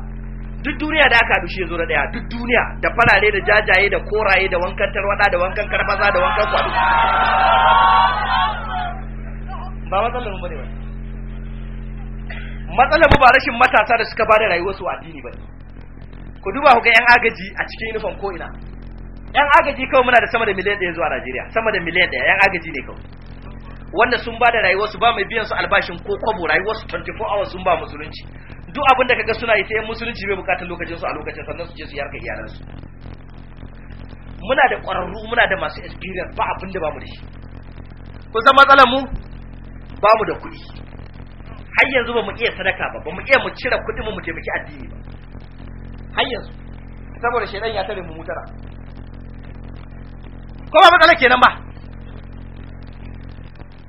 duk duniya da aka dushe shi zo da ɗaya duk duniya da farare da jajaye da koraye da wankan tarwada da wankan karfaza da wankan kwado ba matsalar mu bane ba matsalar mu ba rashin matasa da suka bada rayuwarsu addini bane ku duba ku ga yan agaji a cikin uniform ko ina yan agaji kawai muna da sama da miliyan ɗaya zuwa Najeriya sama da miliyan ɗaya yan agaji ne kawai wanda sun ba da rayuwarsu ba mai biyan su albashin ko kwabo rayuwarsu 24 hours sun ba musulunci duk abin da kaga suna yi sai musulunci bai bukatar lokacin su a lokacin sannan su je su yarka iyalansu muna da ƙwararru muna da masu experience ba abin da bamu da shi zama matsalar mu bamu da kuɗi har yanzu bamu iya sadaka ba bamu iya mu cire kuɗi mu mu taimaki addini ba har yanzu saboda shedan ya tare mu mutara ko ba matsalar kenan ba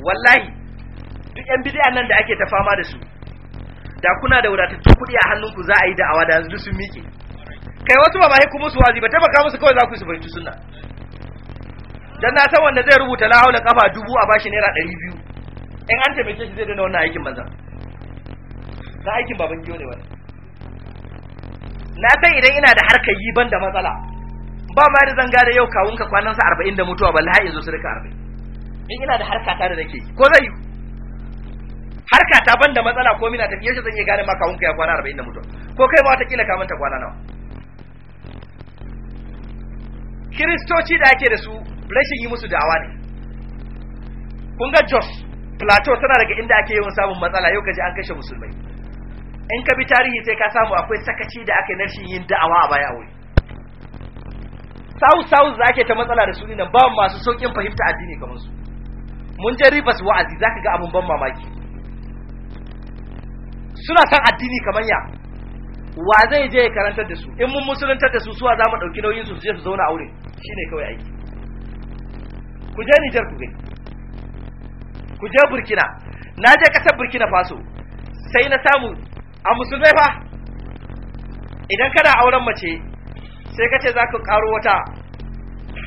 wallahi duk yan bid'a nan da ake ta fama da su da kuna da wadatattun kuɗi a hannunku za a yi da'awa da yanzu sun miƙe kai wasu ba ku musu wazi ba taimaka musu kawai za ku su fahimci sunna dan na san wanda zai rubuta la haula kafa dubu a bashi naira ɗari biyu in an taimake shi zai dana wannan aikin maza na aikin baban kiyo ne wani na san idan ina da harkar yi ban da matsala ba ma da zanga da yau kawunka kwanansa arba'in da mutuwa ba lahai zo su rika arba'in in ina da harka ta da nake ko zai yi harka ta banda matsala ko mina tafiye shi zan iya gane ma kawunka ya kwana arba'in da mutum ko kai ma watakila ka manta kwana nawa kiristoci da ake da su rashin yi musu da'awa ne kun ga jos plateau tana daga inda ake yawan samun matsala yau kaji an kashe musulmai in ka bi tarihi sai ka samu akwai sakaci da aka yi rashin yin da'awa a baya a wuri south south za ta matsala da su ne ba masu saukin fahimta addini kamar su mun je ribas wa'azi za ka ga abin ban mamaki suna san addini kamar ya wa zai je ya karantar da su in mun musulunta da su suwa za mu ɗauki nauyin su je su zauna aure shine kawai aiki ku je Nijar ku gai ku je Burkina na je ƙasar Burkina Faso sai na samu a musulmai fa idan kana auren mace sai ka ce za ka ƙaro wata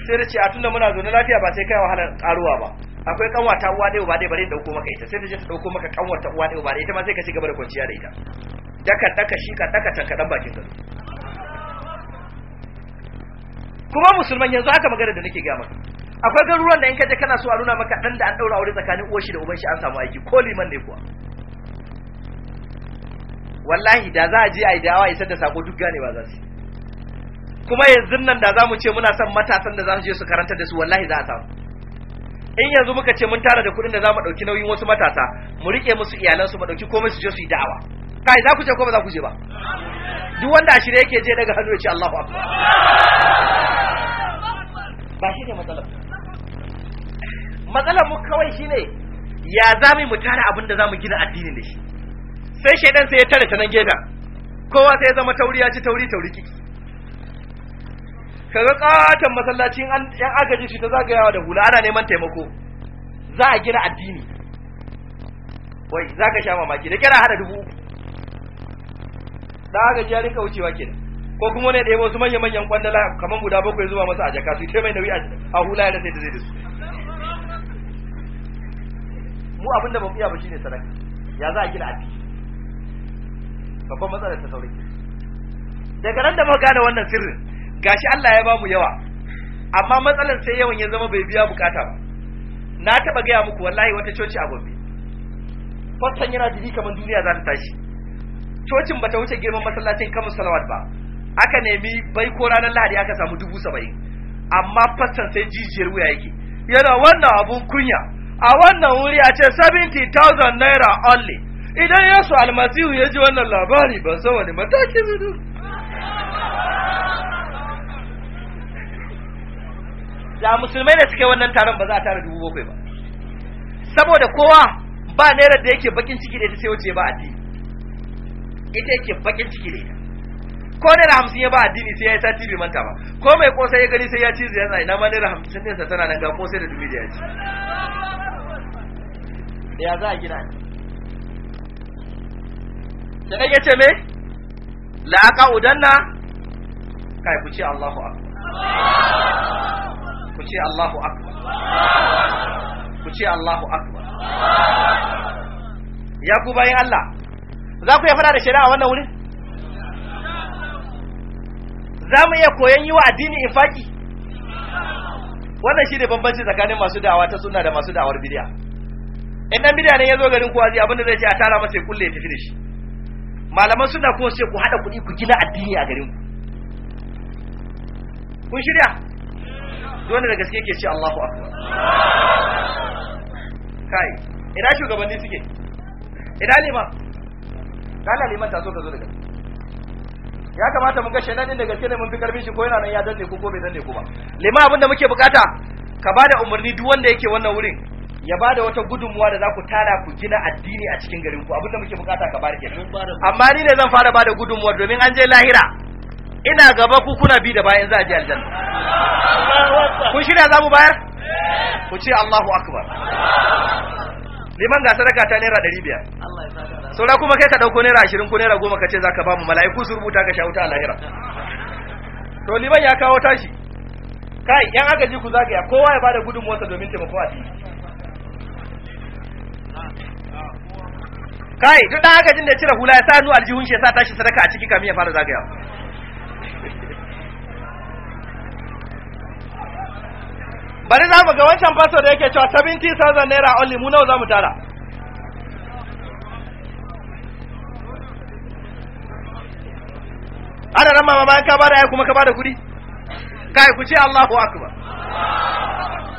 sai da ce a tunda muna zaune lafiya ba sai kai wahalar ƙaruwa ba akwai kanwa ta uwa ɗaya uba dai bari da dauko maka ita sai ta je ta dauko maka kanwa ta uwa ɗaya uba dai ita ma sai ka ci gaba da kwanciya da ita daka daka shi ka daka tankaɗan bakin gado kuma musulman yanzu haka magana da nake gama akwai garuruwan da in ka je kana so a nuna maka dan da an daura aure tsakanin uwar shi da uban shi an samu aiki ko liman ne kuwa wallahi da za a je a yi dawa isar da sako duk gane ba za su kuma yanzu nan da za mu ce muna son matasan da za su je su karanta da su wallahi za a samu in yanzu muka ce mun tara da kuɗin da za mu ɗauki nauyin wasu matasa mu riƙe musu iyalansu mu ɗauki komai su je su yi da'awa kai za ku je ko ba za ku je ba duk wanda a shirye yake je daga hannu ya ce Allahu akbar ba shi ne matsalar matsalar mu kawai shine ya za mu tara abin da za mu gina addinin da shi sai shaidan sai ya tare ta nan gefen kowa sai ya zama tauri ya ci tauri tauri kiki kaga katon masallacin yan agaji shi ta zagayawa da hula ana neman taimako za a gina addini wai za ka sha mamaki da kira hada dubu da agaji ya rinka wucewa kenan ko kuma ne ɗaya wasu manya-manyan kwandala kamar guda bakwai zuwa masa a jaka su ita mai nauyi a hula ya sai da zai da su mu abinda ba mu iya ba shine sadaka ya za a gina addini babban matsalar ta sauri daga nan da muka gane wannan sirrin gashi Allah ya bamu yawa amma matsalar sai yawan ya zama bai biya bukata ba na taba gaya muku wallahi wata coci a Gombe fassan yana jiri kamar duniya za ta tashi cocin bata wuce girman masallacin kamus salawat ba aka nemi bai ko ranar lahadi aka samu dubu saba'in amma fassan sai jijiyar wuya yake yana wannan abun kunya a wannan wuri a ce 70,000 naira only idan yasu almasihu ya ji wannan labari ban san wani mataki zudu da musulmai ne suke wannan taron ba za a tara dubu bakwai ba saboda kowa ba naira da yake bakin ciki da ita sai wuce ba addini ita yake bakin ciki da ita ko naira hamsin ya ba addini sai ya yi sati bai manta ba ko mai ƙosa ya gani sai ya ci zai yana ina ma naira hamsin ɗinsa tana nan ga kosa da dubu da ya ci ya za a gina da nake ce me la'aka udanna kai ku ce Allahu akbar ku ce Allahu akbar ku ce Allahu akbar ya ku bayin Allah za ku iya fara da shari'a wannan wurin za mu iya koyon yi wa addini infaki wannan shi ne bambanci tsakanin masu da'awa ta sunna da masu da'awar bidiya in dan bidiya ne ya zo garin kuwa zai abinda zai ce a tara masa ya kulle ya tafi da shi malaman suna ko sai ku hada kuɗi ku gina addini a garin ku kun shirya dole da gaske ke ce Allahu akbar kai ina shugabanni suke ina liman kala liman ta zo ka zo gaske. ya kamata mun ga shaidanin da gaske ne mun fi karfin shi ko yana nan ya danne ku ko bai danne ko ba liman abinda muke bukata ka bada umarni duk wanda yake wannan wurin ya ba da wata gudunmuwa da za ku tara ku gina addini a cikin garin ku abinda muke bukata ka bada kenan amma ni ne zan fara bada gudunmuwa domin an je lahira ina gaba ku kuna bi da bayan za a je aljanna kun shirya za mu bayar ku ce Allahu akbar liman ga sadaka ta naira ɗari biyar saura kuma kai ka ɗauko naira ashirin ko naira goma ka ce za ka ba mu mala'iku su rubuta ka shawuta wuta a lahira to liman ya kawo tashi kai yan aka ji ku zagaya kowa ya bada gudunmuwarsa domin taimako a fili kai duk aka agajin da ya cire hula ya sa nu aljihun shi ya sa tashi sadaka a ciki kamin ya fara zagayawa bari za mu ga wancan faso da yake cewa 70,000 naira only mu nawa za mu tara ana nan mama bayan ka bada ya kuma ka bada kudi kai ku ce Allahu akbar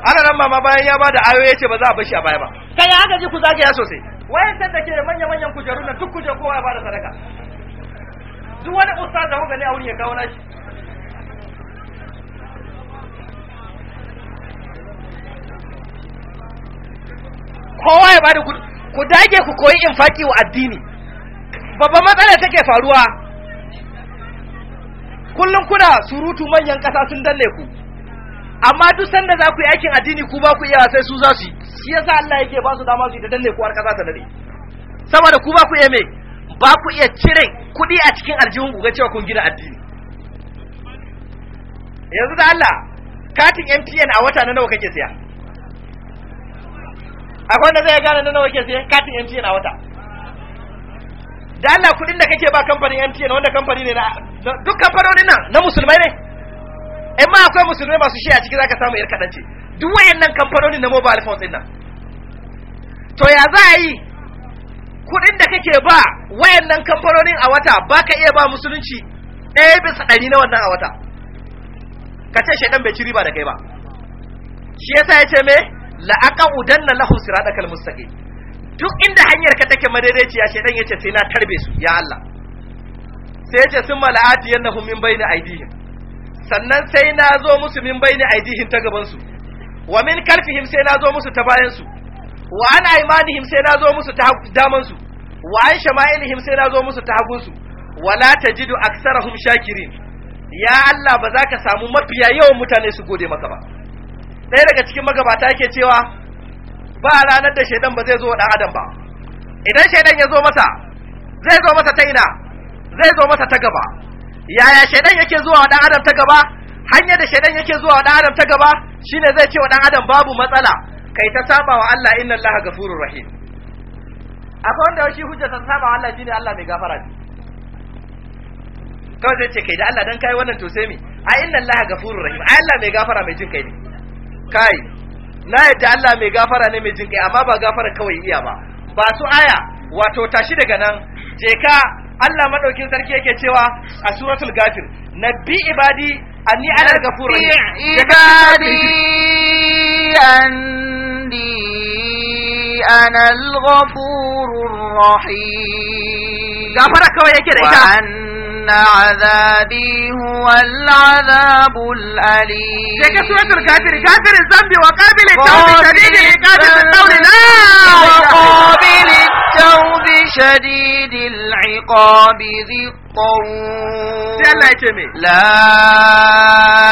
ana nan mama bayan ya bada ayo ya ce ba za a bashi a baya ba kai ya ji ku ya sosai wayan da ke da manya manyan kujeru na duk kuje kowa ya bada sadaka duk wani ustaz da kuka ne a wurin ya kawo nashi kowa ya bada ku dage ku koyi infaki wa addini babban matsala take faruwa kullum kuna surutu manyan ƙasa sun danne ku amma duk sanda za ku yi aikin addini ku ba ku iya sai su za su yi shi yasa Allah yake ba su dama su yi ta danne ku har ƙasa ta dade saboda ku ba ku iya me ba ku iya cire kuɗi a cikin aljihun ku ga cewa kun gina addini yanzu da Allah katin MTN a wata na nawa kake siya akwai wanda zai gane nawa ke sai katin MTN a wata da Allah kudin da kake ba kamfanin MTN wanda kamfani ne na duk kamfanonin nan na musulmai ne in eh, ma akwai musulmai masu shi a ciki zaka samu yar kadan ce duk wayannan kamfanonin na mobile phones din nan to ya za a yi kudin da kake ba wayannan kamfanonin a wata baka iya ba musulunci ɗaya bisa ɗari na wannan a wata ka ce shaidan bai ci riba da kai ba shi yasa ya ce me la'aqaudanna lahum siratakal mustaqim duk inda hanyar ka take madaidaiciya shedan yace sai na tarbe su ya Allah sai yace summa la'atiyannahum min bayni aydihim sannan sai na zo musu min bayni aydihim ta gaban su wa min kalfihim sai na zo musu ta bayan su wa an imanihim sai na zo musu ta daman su wa an shama'ilihim sai na zo musu ta hagun su wala tajidu aksarahum shakirin ya Allah ba za ka samu mafiya yawan mutane su gode maka ba ɗaya daga cikin magabata yake cewa ba ranar da shaidan ba zai zo ɗan adam ba idan shaidan ya zo masa zai zo masa ta ina zai zo masa ta gaba yaya shaidan yake zuwa wa ɗan adam ta gaba hanyar da shaidan yake zuwa wa ɗan adam ta gaba shine zai ce wa ɗan adam babu matsala kai ta saba wa Allah inna Allah gafurur rahim akwai wanda shi hujja ta saba wa Allah shine Allah mai gafara ne kawai zai ce kai da Allah dan kai wannan to sai mi a inna Allah gafurur rahim ai Allah mai gafara mai jin kai ne kai na yadda Allah mai gafara ne mai jinkai amma ba gafara kawai iya ba ba su aya wato tashi daga nan je ka Allah madaukin sarki yake cewa a suratul gafir nabi ibadi anni ana ibadi anni ana al-ghafurur rahim gafara kawai yake da ita إن عذابي هو العذاب الأليم شيخ سورة الكافر كافر الذنب وقابل التوب شديد العقاب في القول لا وقابل التوب شديد العقاب ذي الطول لا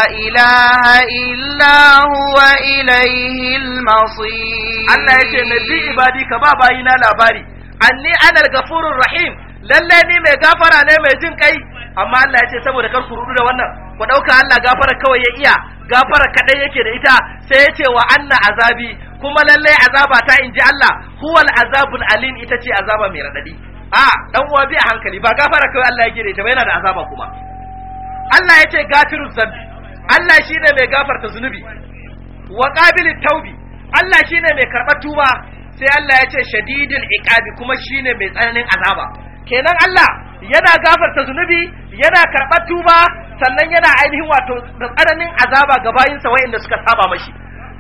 إله إلا هو إليه المصير الله يتمنى عبادي كبابا ينا لاباري أني أنا الغفور الرحيم lalle ni mai gafara ne mai jin kai amma Allah ya ce saboda kar ku rudu da wannan ku dauka Allah gafara kawai ya iya gafara kadai yake da ita sai ya ce wa anna azabi kuma lalle azaba ta inji Allah huwal azabul alim ita ce azaba mai radadi a dan uwa bi a hankali ba gafara kawai Allah yake da ita ba yana da azaba kuma Allah ya ce gafiru zambi Allah shine mai gafarta zunubi wa qabilit taubi Allah shine mai karɓar tuba sai Allah ya ce shadidul iqabi kuma shine mai tsananin azaba kenan Allah yana gafarta zunubi yana karɓar tuba sannan yana ainihin wato da tsananin azaba ga bayinsa wa'inda suka saba mashi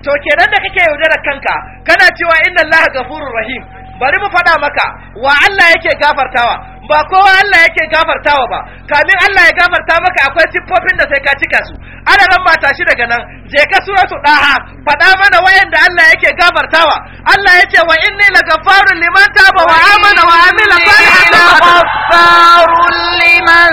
to kenan da kake yaudarar kanka kana cewa inna Allah gafurur rahim bari mu faɗa maka wa Allah yake gafartawa ba kowa Allah yake gafartawa ba kamin Allah ya gafarta maka akwai siffofin da sai ka cika su ana ba mata shi daga nan je ka su daha faɗa mana wayan da Allah yake gafartawa Allah yace wa inni lagafarun liman taba wa amana wa amila salihan liman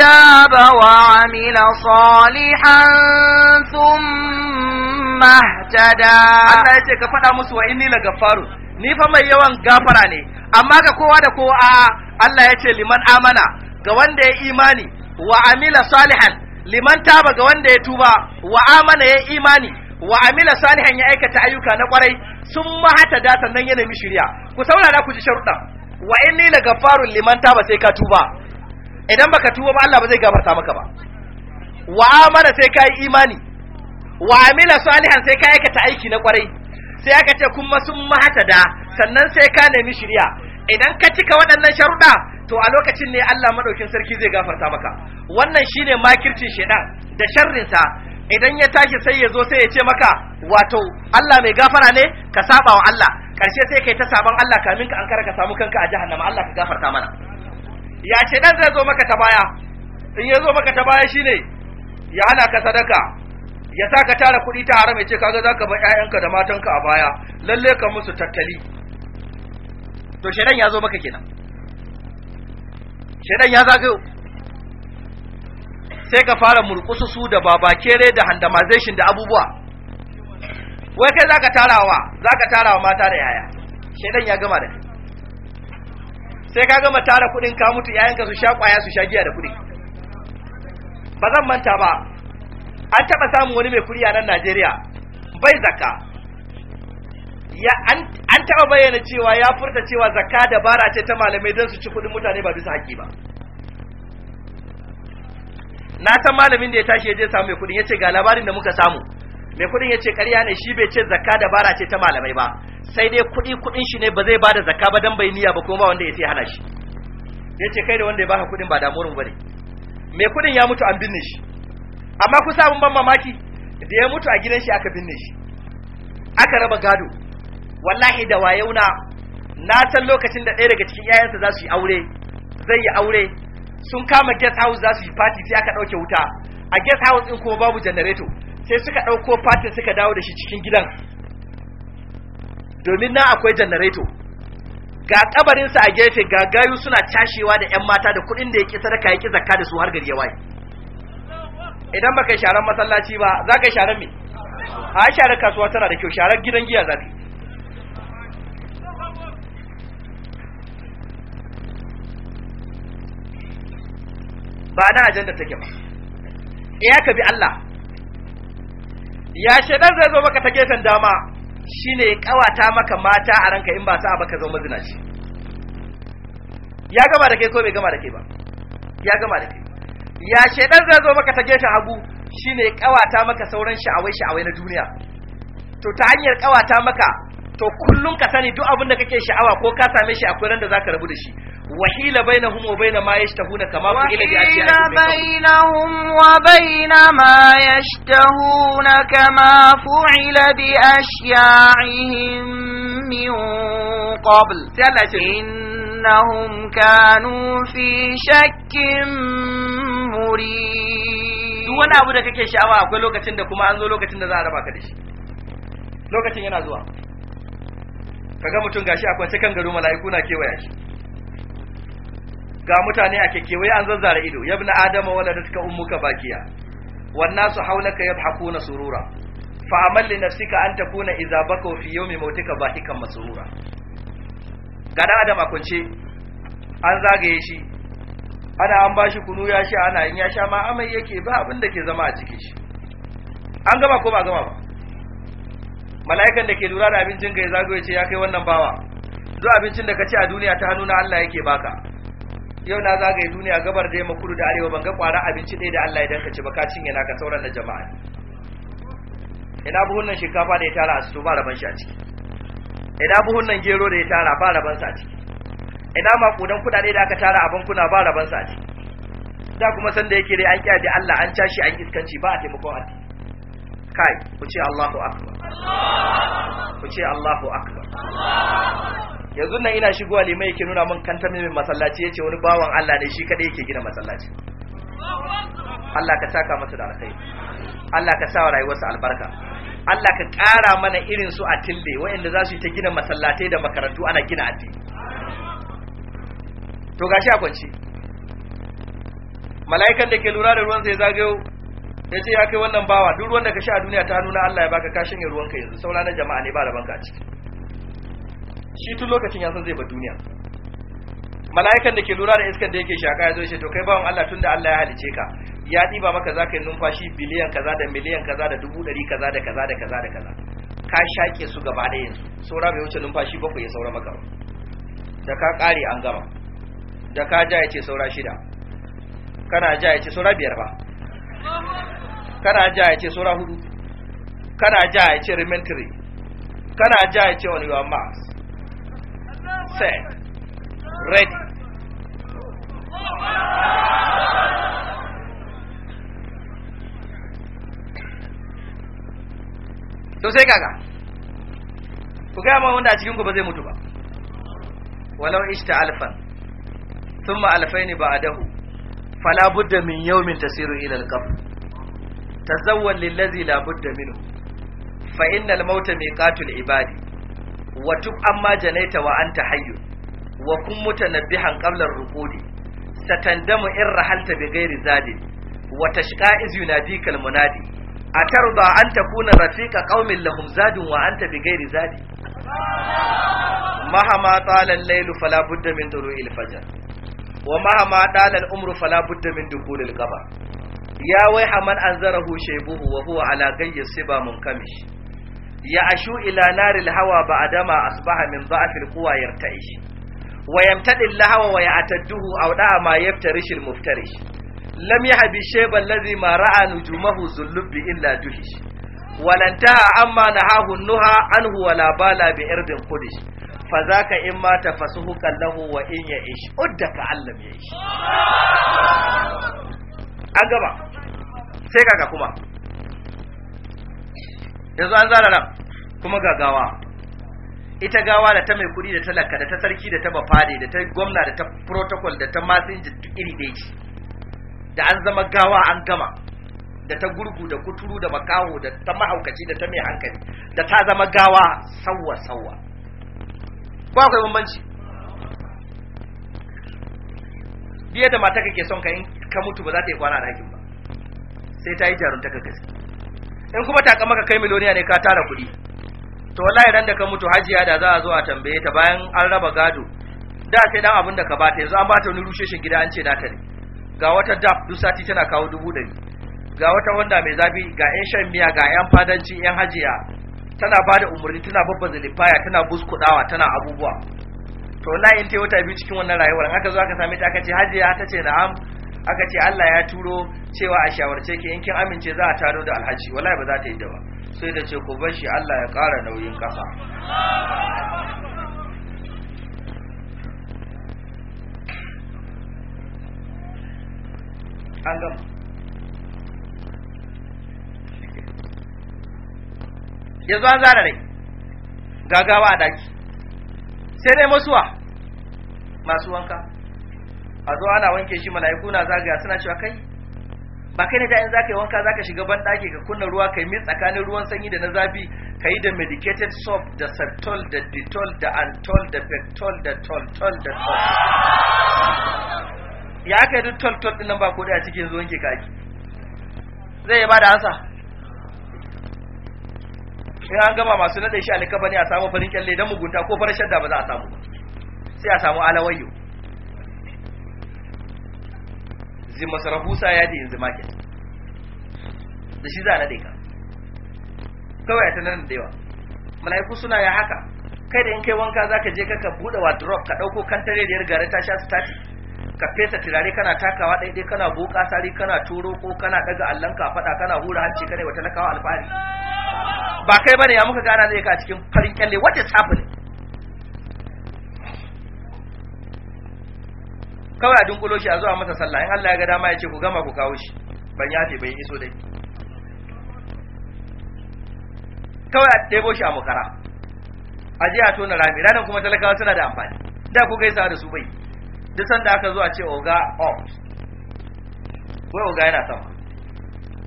taba wa amila salihan thumma ihtada Allah ka faɗa musu wa inni lagafarun ni fa mai yawan gafara ne amma ga kowa da kowa a Allah ya ce liman amana ga wanda ya imani wa amila salihan liman taba ga wanda ya tuba wa amana ya imani wa amila salihan ya aikata ayyuka na kwarai sun mahata da sannan ya nemi shirya ku saurara ku ji sharuɗa wa inni la gafarun liman taba sai ka tuba idan baka tuba ba Allah ba zai gafarta maka ba wa amana sai ka yi imani wa amila salihan sai ka aikata aiki na kwarai sai aka ce kuma sun mahata da sannan sai ka nemi shirya idan ka cika waɗannan sharuɗa to a lokacin ne Allah madaukin sarki zai gafarta maka wannan shine makircin shedan da sharrinsa idan ya tashi sai ya zo sai ya ce maka wato Allah mai gafara ne ka saba wa Allah karshe sai kai ta saban Allah kamin ka an ka samu kanka a jahannama Allah ka gafarta mana ya ce dan zai zo maka ta baya in ya zo maka ta baya shine ya hana ka sadaka ya sa tara kuɗi ta haram ya ce kaga zaka bar ƴaƴanka da matanka a baya lalle ka musu tattali to shaidan ya zo maka kenan shaidan ya zagayo sai ka fara murkusu su da babakere da handamization da abubuwa wai kai zaka tarawa zaka tarawa mata da yaya shaidan ya gama da kai sai ka gama tara kudin ka mutu yayanka su sha kwaya su sha giya da kudi ba zan manta ba an taɓa samun wani mai kuri a nan najeriya bai zaka an taɓa bayyana cewa ya furta cewa zakka dabara ce ta malamai don su ci kuɗin mutane ba bisa haƙi ba na san malamin da ya tashi ya je samu mai kuɗin ya ce ga labarin da muka samu mai kuɗin ya ce ƙarya ne shi bai ce zakka dabara ce ta malamai ba sai dai kuɗi kuɗin shi ne ba zai bada zakka ba dan bai niyya ba kuma ba wanda ya sai hana shi ya ce kai da wanda ya baka kuɗin ba damuwar mu bane mai kuɗin ya mutu an binne shi amma kusa abin ban mamaki da ya mutu a gidan shi aka binne shi aka raba gado wallahi da wayauna na san lokacin da ɗaya daga cikin yayansa za su yi aure zai yi aure sun kama guest house za su yi party sai aka ɗauke wuta a guest house ɗin kuma babu generator sai suka ɗauko party suka dawo da shi cikin gidan domin na akwai generator ga kabarinsa a gefe ga gayu suna cashewa da ƴan mata da kuɗin da ya ƙi sadaka ya ƙi zakka da su har gari ya waye idan baka sharan masallaci ba za ka sharan me a sharar kasuwa tana da kyau sharar gidan giya zafi ba na ajanda take ba ya ka bi Allah ya shaidan zai zo maka ta gefen dama shine ya kawata maka mata a ranka in ba sa zo zama mazinaci ya gama da kai ko bai gama da kai ba ya gama da kai ya shaidan zai zo maka ta gefen hagu shine ya kawata maka sauran sha'awai sha'awai na duniya to ta hanyar kawata maka to kullum ka sani duk abin da kake sha'awa ko ka same shi akwai ran da zaka rabu da shi وحيل بينهم وبين ما يشتهون كما فعل بينهم وبين ما يشتهون كما فعل بأشياعهم من قبل إنهم كانوا في شك مريب duk wani abu da kake sha'awa akwai lokacin da kuma an zo lokacin da za a raba ka da shi lokacin yana zuwa kaga mutum gashi akwai kwance kan mala'iku na kewaya shi ga mutane a wai an zazzara ido ya bi na adama suka ummuka bakiya su wannasu haku na surura fa na li nafsika an takuna na baka fi ka baki kan masurura ga dan adam a kunce an zagaye shi ana an bashi kunu ya sha ana yin ya sha ma amai yake ba abin da ke zama a cikin shi an gama ko ba gama ba mala'ikan da ke lura da abincin ka ya zagaye ce ya kai wannan bawa zuwa abincin da ka ci a duniya ta hannu na Allah yake baka yau na zagaye duniya gabar da ya makuru da arewa ban ga kwara abinci ɗaya da Allah ya danka ci baka cinye cinye ka sauran da jama'a ina buhun shinkafa da ya tara a su ba raban shi a ciki ina buhun gero da ya tara ba raban sa a ciki ina makudan kuɗaɗe da aka tara a bankuna ba raban sa a ciki da kuma san da yake dai an kiyaye Allah an tashi an iskanci ba a taimakon addini kai ku ce Allahu akbar ku ce Allahu akbar yanzu nan ina shigo a limai yake nuna mun kanta mai masallaci yace wani bawan Allah ne shi kadai yake gina masallaci Allah ka saka masa da alkhairi Allah ka sa rayuwarsa albarka Allah ka ƙara mana irin su a tilde waɗanda za su yi ta gina masallatai da makarantu ana gina addini to gashi a kwanci mala'ikan da ke lura da ruwan sai zagayo ya ce ya kai wannan bawa duk ruwan da ka sha a duniya ta nuna Allah ya baka kashin ruwanka yanzu saura na jama'a ne ba da banka a ciki shi tun lokacin ya san zai bar duniya mala'ikan da ke lura da iskan da yake shaka ya zo shi to kai bawan Allah tunda Allah ya halice ka ya diba maka zaka yi numfashi biliyan kaza da miliyan kaza da dubu ɗari kaza da kaza da kaza da kaza ka shake su gaba da yanzu saura bai wuce numfashi bakwai ya saura maka da ka kare an gama da ka ja ya ce saura shida kana ja ya ce saura biyar ba kana ja ya ce saura hudu kana ja ya ce rementary kana ja ya ce wani your marks set, ready. To sai kaga, ku gaya ma wanda a cikinku ba zai mutu ba, walau ishta alfan, sun ma'alfai ne ba a dahu, falabudda min yau min tasiru ilal kaf, tazawwan lillazi labudda minu, fa'in innal mauta mai katul ibadi. wa tub amma janaita wa anta hayyun wa kun mutanabbihan qabla ruqudi satandamu in rahalta bi ghairi zadin wa tashqa iz yunadika al munadi atarda an takuna rafiqa qaumin lahum zadun wa anta bi ghairi zadi mahama tala Lailu fala budda min tulu'il fajr wa mahama tala umru fala budda min dukhulil qabr ya wai wayha man anzarahu shaybuhu wa huwa ala gayyi siba munkamish ya ashu ila narin hawa ba a dama adama asbaha min da'afil quwa yarta'ish wa yamtadi hawa wa ya'tadduhu aw da ma yaftarish al muftarish lam yahbi shayba alladhi ma ra'a nujumahu zullubi illa duhish walan taha amma nahahu nuha anhu wala bala bi irdin qudish fazaka in ma tafasuhu kallahu wa in ya ya'ish uddaka allam ya'ish an gaba sai kaga kuma yanzu an zara nan kuma ga gawa ita gawa da ta mai kudi da talaka da ta sarki da ta bafade da ta gwamna da ta protocol da ta masinji iri ɗaya yake da an zama gawa an gama da ta gurgu da kuturu da makaho da ta mahaukaci da ta mai hankali da ta zama gawa sauwa sauwa ba akwai bambanci biye da mata kake son ka in ka mutu ba za ta yi kwana a ɗakin ba sai ta yi jarumta ka gaske in kuma ta maka kai miliyoniya ne ka tara kuɗi to wallahi ran da ka mutu hajiya da za a zo a tambaye ta bayan an raba gado da sai dan abin da ka bata yanzu an bata wani rushe shi gida an ce nata ne ga wata daf duk sati tana kawo dubu ɗari ga wata wanda mai zabi, ga yan shan miya ga yan fadanci yan hajiya tana bada umarni tana babba lifaya tana buskudawa tana abubuwa to wallahi in ta wata biyu cikin wannan rayuwar haka zo aka same ta aka ce hajiya ta ce na'am aka ce Allah ya turo cewa a shawarce ki in kin amince za a taro da alhaji wallahi ba za ta yi da ba sai da ce ku bashi Allah ya ƙara nauyin ƙasa an gama yanzu an zara rai gagawa a daki sai dai masuwa masu wanka a zo ana wanke shi mala'iku na zagaya suna cewa kai ba kai ne da in zaka yi wanka zaka shiga ban daki ka kunna ruwa kai min tsakanin ruwan sanyi da na zafi kai da medicated soap da septol da ditol da antol da pectol da toltol da toltol. ya kai duk toltol din nan ba ko da cikin zuwan ke kaki zai yi bada ansa in an gama masu nade shi alikaba ne a samu farin kyalle dan mugunta ko farashar da ba za a samu sai a samu alawayyo ji masarahusa ya je yanzu market da shi za a naɗe ka kawai a ta da yawa mala'iku suna ya haka kai da in kai wanka za ka je ka buɗe wardrobe ka ɗauko kantareriyar gari ta sha stati ka fesa turare kana takawa ɗaiɗai kana buka sari kana turo ko kana ɗaga allon ka faɗa kana hura hanci kana wata kawo alfahari ba kai bane ya muka gana zai ka cikin farin kyalle what is happening kawai a dunkulo shi a zuwa masa sallah in Allah ya ga dama ya ce ku gama ku kawo shi ban yafe bai iso dai kawai a ɗebo shi a mukara a je a tona rami ranar kuma talakawa suna da amfani da ku gaisa da su bai duk sanda aka zuwa ce oga off wai oga yana sama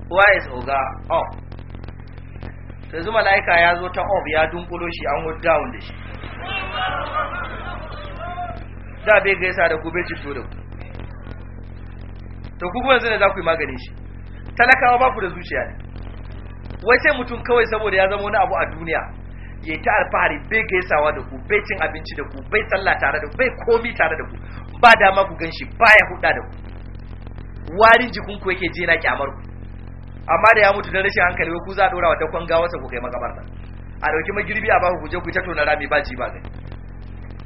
why is oga off sai zuma la'ika ya zo ta off ya dunkulo shi an wood down da shi da bai gaisa da ku bai cifto da ku to ku yanzu ne za ku yi maganin shi talakawa ba ku da zuciya ne wai sai mutum kawai saboda ya zama wani abu a duniya ya ta alfahari bai gaisawa da ku bai cin abinci da ku bai sallah tare da ku bai komi tare da ku ba dama ku ganshi baya hudda da ku warin jikin ku yake je na kyamar ku amma da ya mutu da rashin hankali ku za a dora wa dakon gawarsa ku kai makabarta a dauki magirbi a baku ku je ku ta tona rami ba ji ba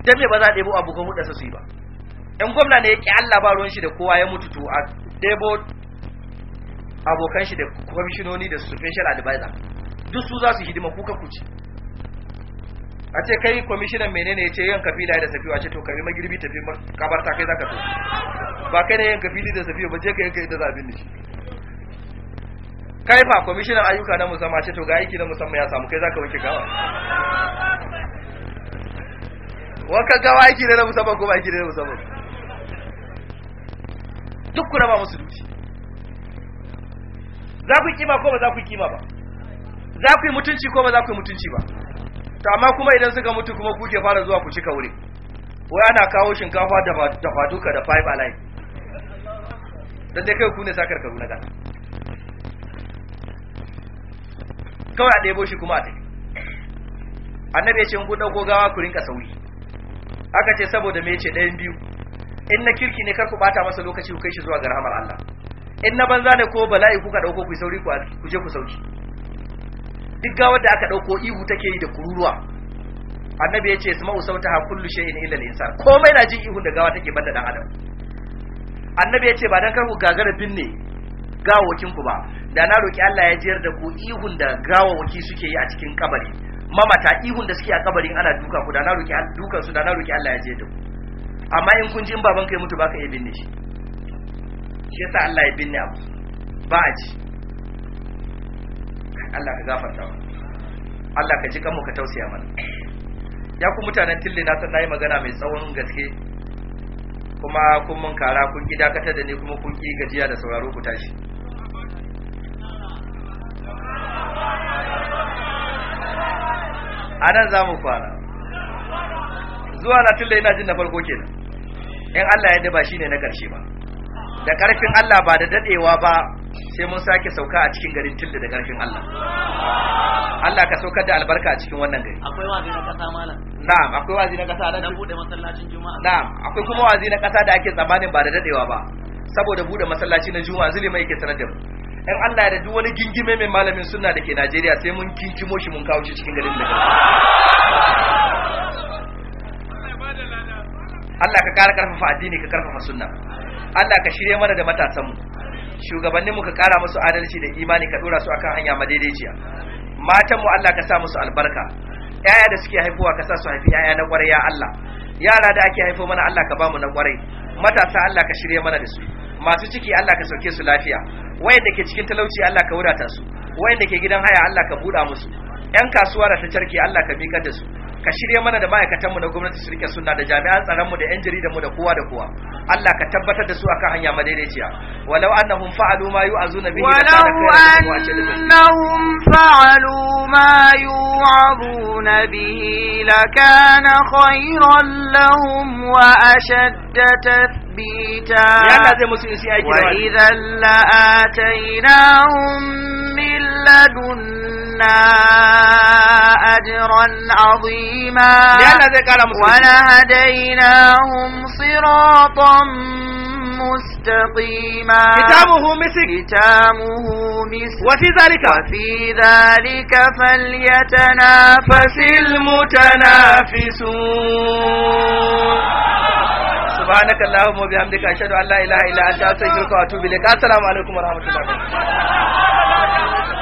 dan me ba za a ɗebo abokan hudarsa su yi ba Yan gwamna ne yake Allah ba ruwan shi da kowa ya mutu to a ɗebo abokan shi da kwamishinoni da special advisor duk su za su hidima kuka kuci a ce kai kwamishinan menene ya ce yan kafila da safiya ce to kai magirbi tafi kabarta kai zaka so ba kai ne yan kafili da safiya ba je ka yanka da zabin a shi kai fa kwamishinan ayyuka na musamman ce to ga aiki na musamman ya samu kai zaka wanke gawa wankan gawa aiki ne na musamman ko ba aiki ne na musamman duk ku raba musu duki za ku kima ko ba za ku kima ba za ku yi mutunci ko ba za ku yi mutunci ba to amma kuma idan suka mutu kuma kuke fara zuwa ku cika wuri wai ana kawo shinkafa da faduka da five alive don dai kai ku ne sakar karu na gana kawai a ɗebo shi kuma a tafi annabi ya ce ku ɗauko gawa ku rinka sauri aka ce saboda me ce ɗayan biyu in na kirki ne kar ku bata masa lokaci ku kai shi zuwa ga rahamar Allah in na banza ne ko bala'i kuka ɗauko ku sauri ku je ku sauki duk gawar da aka ɗauko ihu take yi da kururuwa annabi ya ce sama'u sautaha kullu shay'in illa al-insan komai na jin ihun da gawa take banda dan adam annabi ya ce ba dan kar ku gagara binne gawawakin ku ba da na roki Allah ya jiyar da ku ihun da gawawaki suke yi a cikin kabari mamata ihun da suke a kabarin ana duka ku da na roki dukan su da na roki Allah ya je da ku amma in kun ji in baban kai mutu baka iya binne shi shi yasa Allah ya binne abu ba a ji Allah ka gafarta wa Allah ka ji kanmu ka tausaya mana ya ku mutanen tilli na san nayi magana mai tsawon gaske kuma kun mun kara kun ki dakatar da ni kuma kun ki gajiya da sauraro ku tashi a nan za mu fara zuwa na da ina jin na farko ke in Allah ya daba ne na ƙarshe ba da ƙarfin Allah ba da daɗewa ba sai mun sake sauka a cikin garin tun da ƙarfin Allah Allah ka saukar da albarka a cikin wannan gari akwai wazi na ƙasa malam na'am akwai wazi na ƙasa da masallacin juma'a na'am akwai kuma wazi na ƙasa da ake tsammanin ba da daɗewa ba saboda bude masallaci na juma'a zulima yake sanar da mu in Allah ya duk wani gingime mai malamin sunna da ke Najeriya sai mun kinkimo shi mun kawo shi cikin garin da Allah ka ƙara ƙarfafa addini ka karfafa sunna Allah ka shirye mana da mu shugabannin mu ka kara musu adalci da imani ka dora su akan hanya madaidaiciya matanmu Allah ka sa musu albarka yaya da suke haifuwa ka sa su haifi yaya na ƙwarai ya Allah yara da ake haifo mana Allah ka ba mu na ƙwarai matasa Allah ka shirye mana da su masu ciki Allah ka sauke su lafiya wayanda ke cikin talauci Allah ka wadata su wayanda ke gidan haya Allah ka buɗa musu yan kasuwa da ta carke Allah ka miƙar da su ka shirye mana da ma'aikatan mu na gwamnati su rike sunna da jami'an tsaron mu da yan jarida mu da kowa da kowa Allah ka tabbatar da su akan hanya madaidaiciya walau annahum fa'alu ma yu'azuna bihi walau annahum fa'alu ma yu'azuna bihi lakana khayran lahum wa ashadda بيتا وإذا لآتيناهم من لدنا أجرا عظيما ولهديناهم صراطا مستقيما ختامه مسك ختامه مسك وفي ذلك وفي ذلك فليتنافس المتنافسون سبحانك اللهم وبحمدك أشهد أن لا إله إلا أنت أستغفرك وأتوب إليك السلام عليكم ورحمة الله وبركاته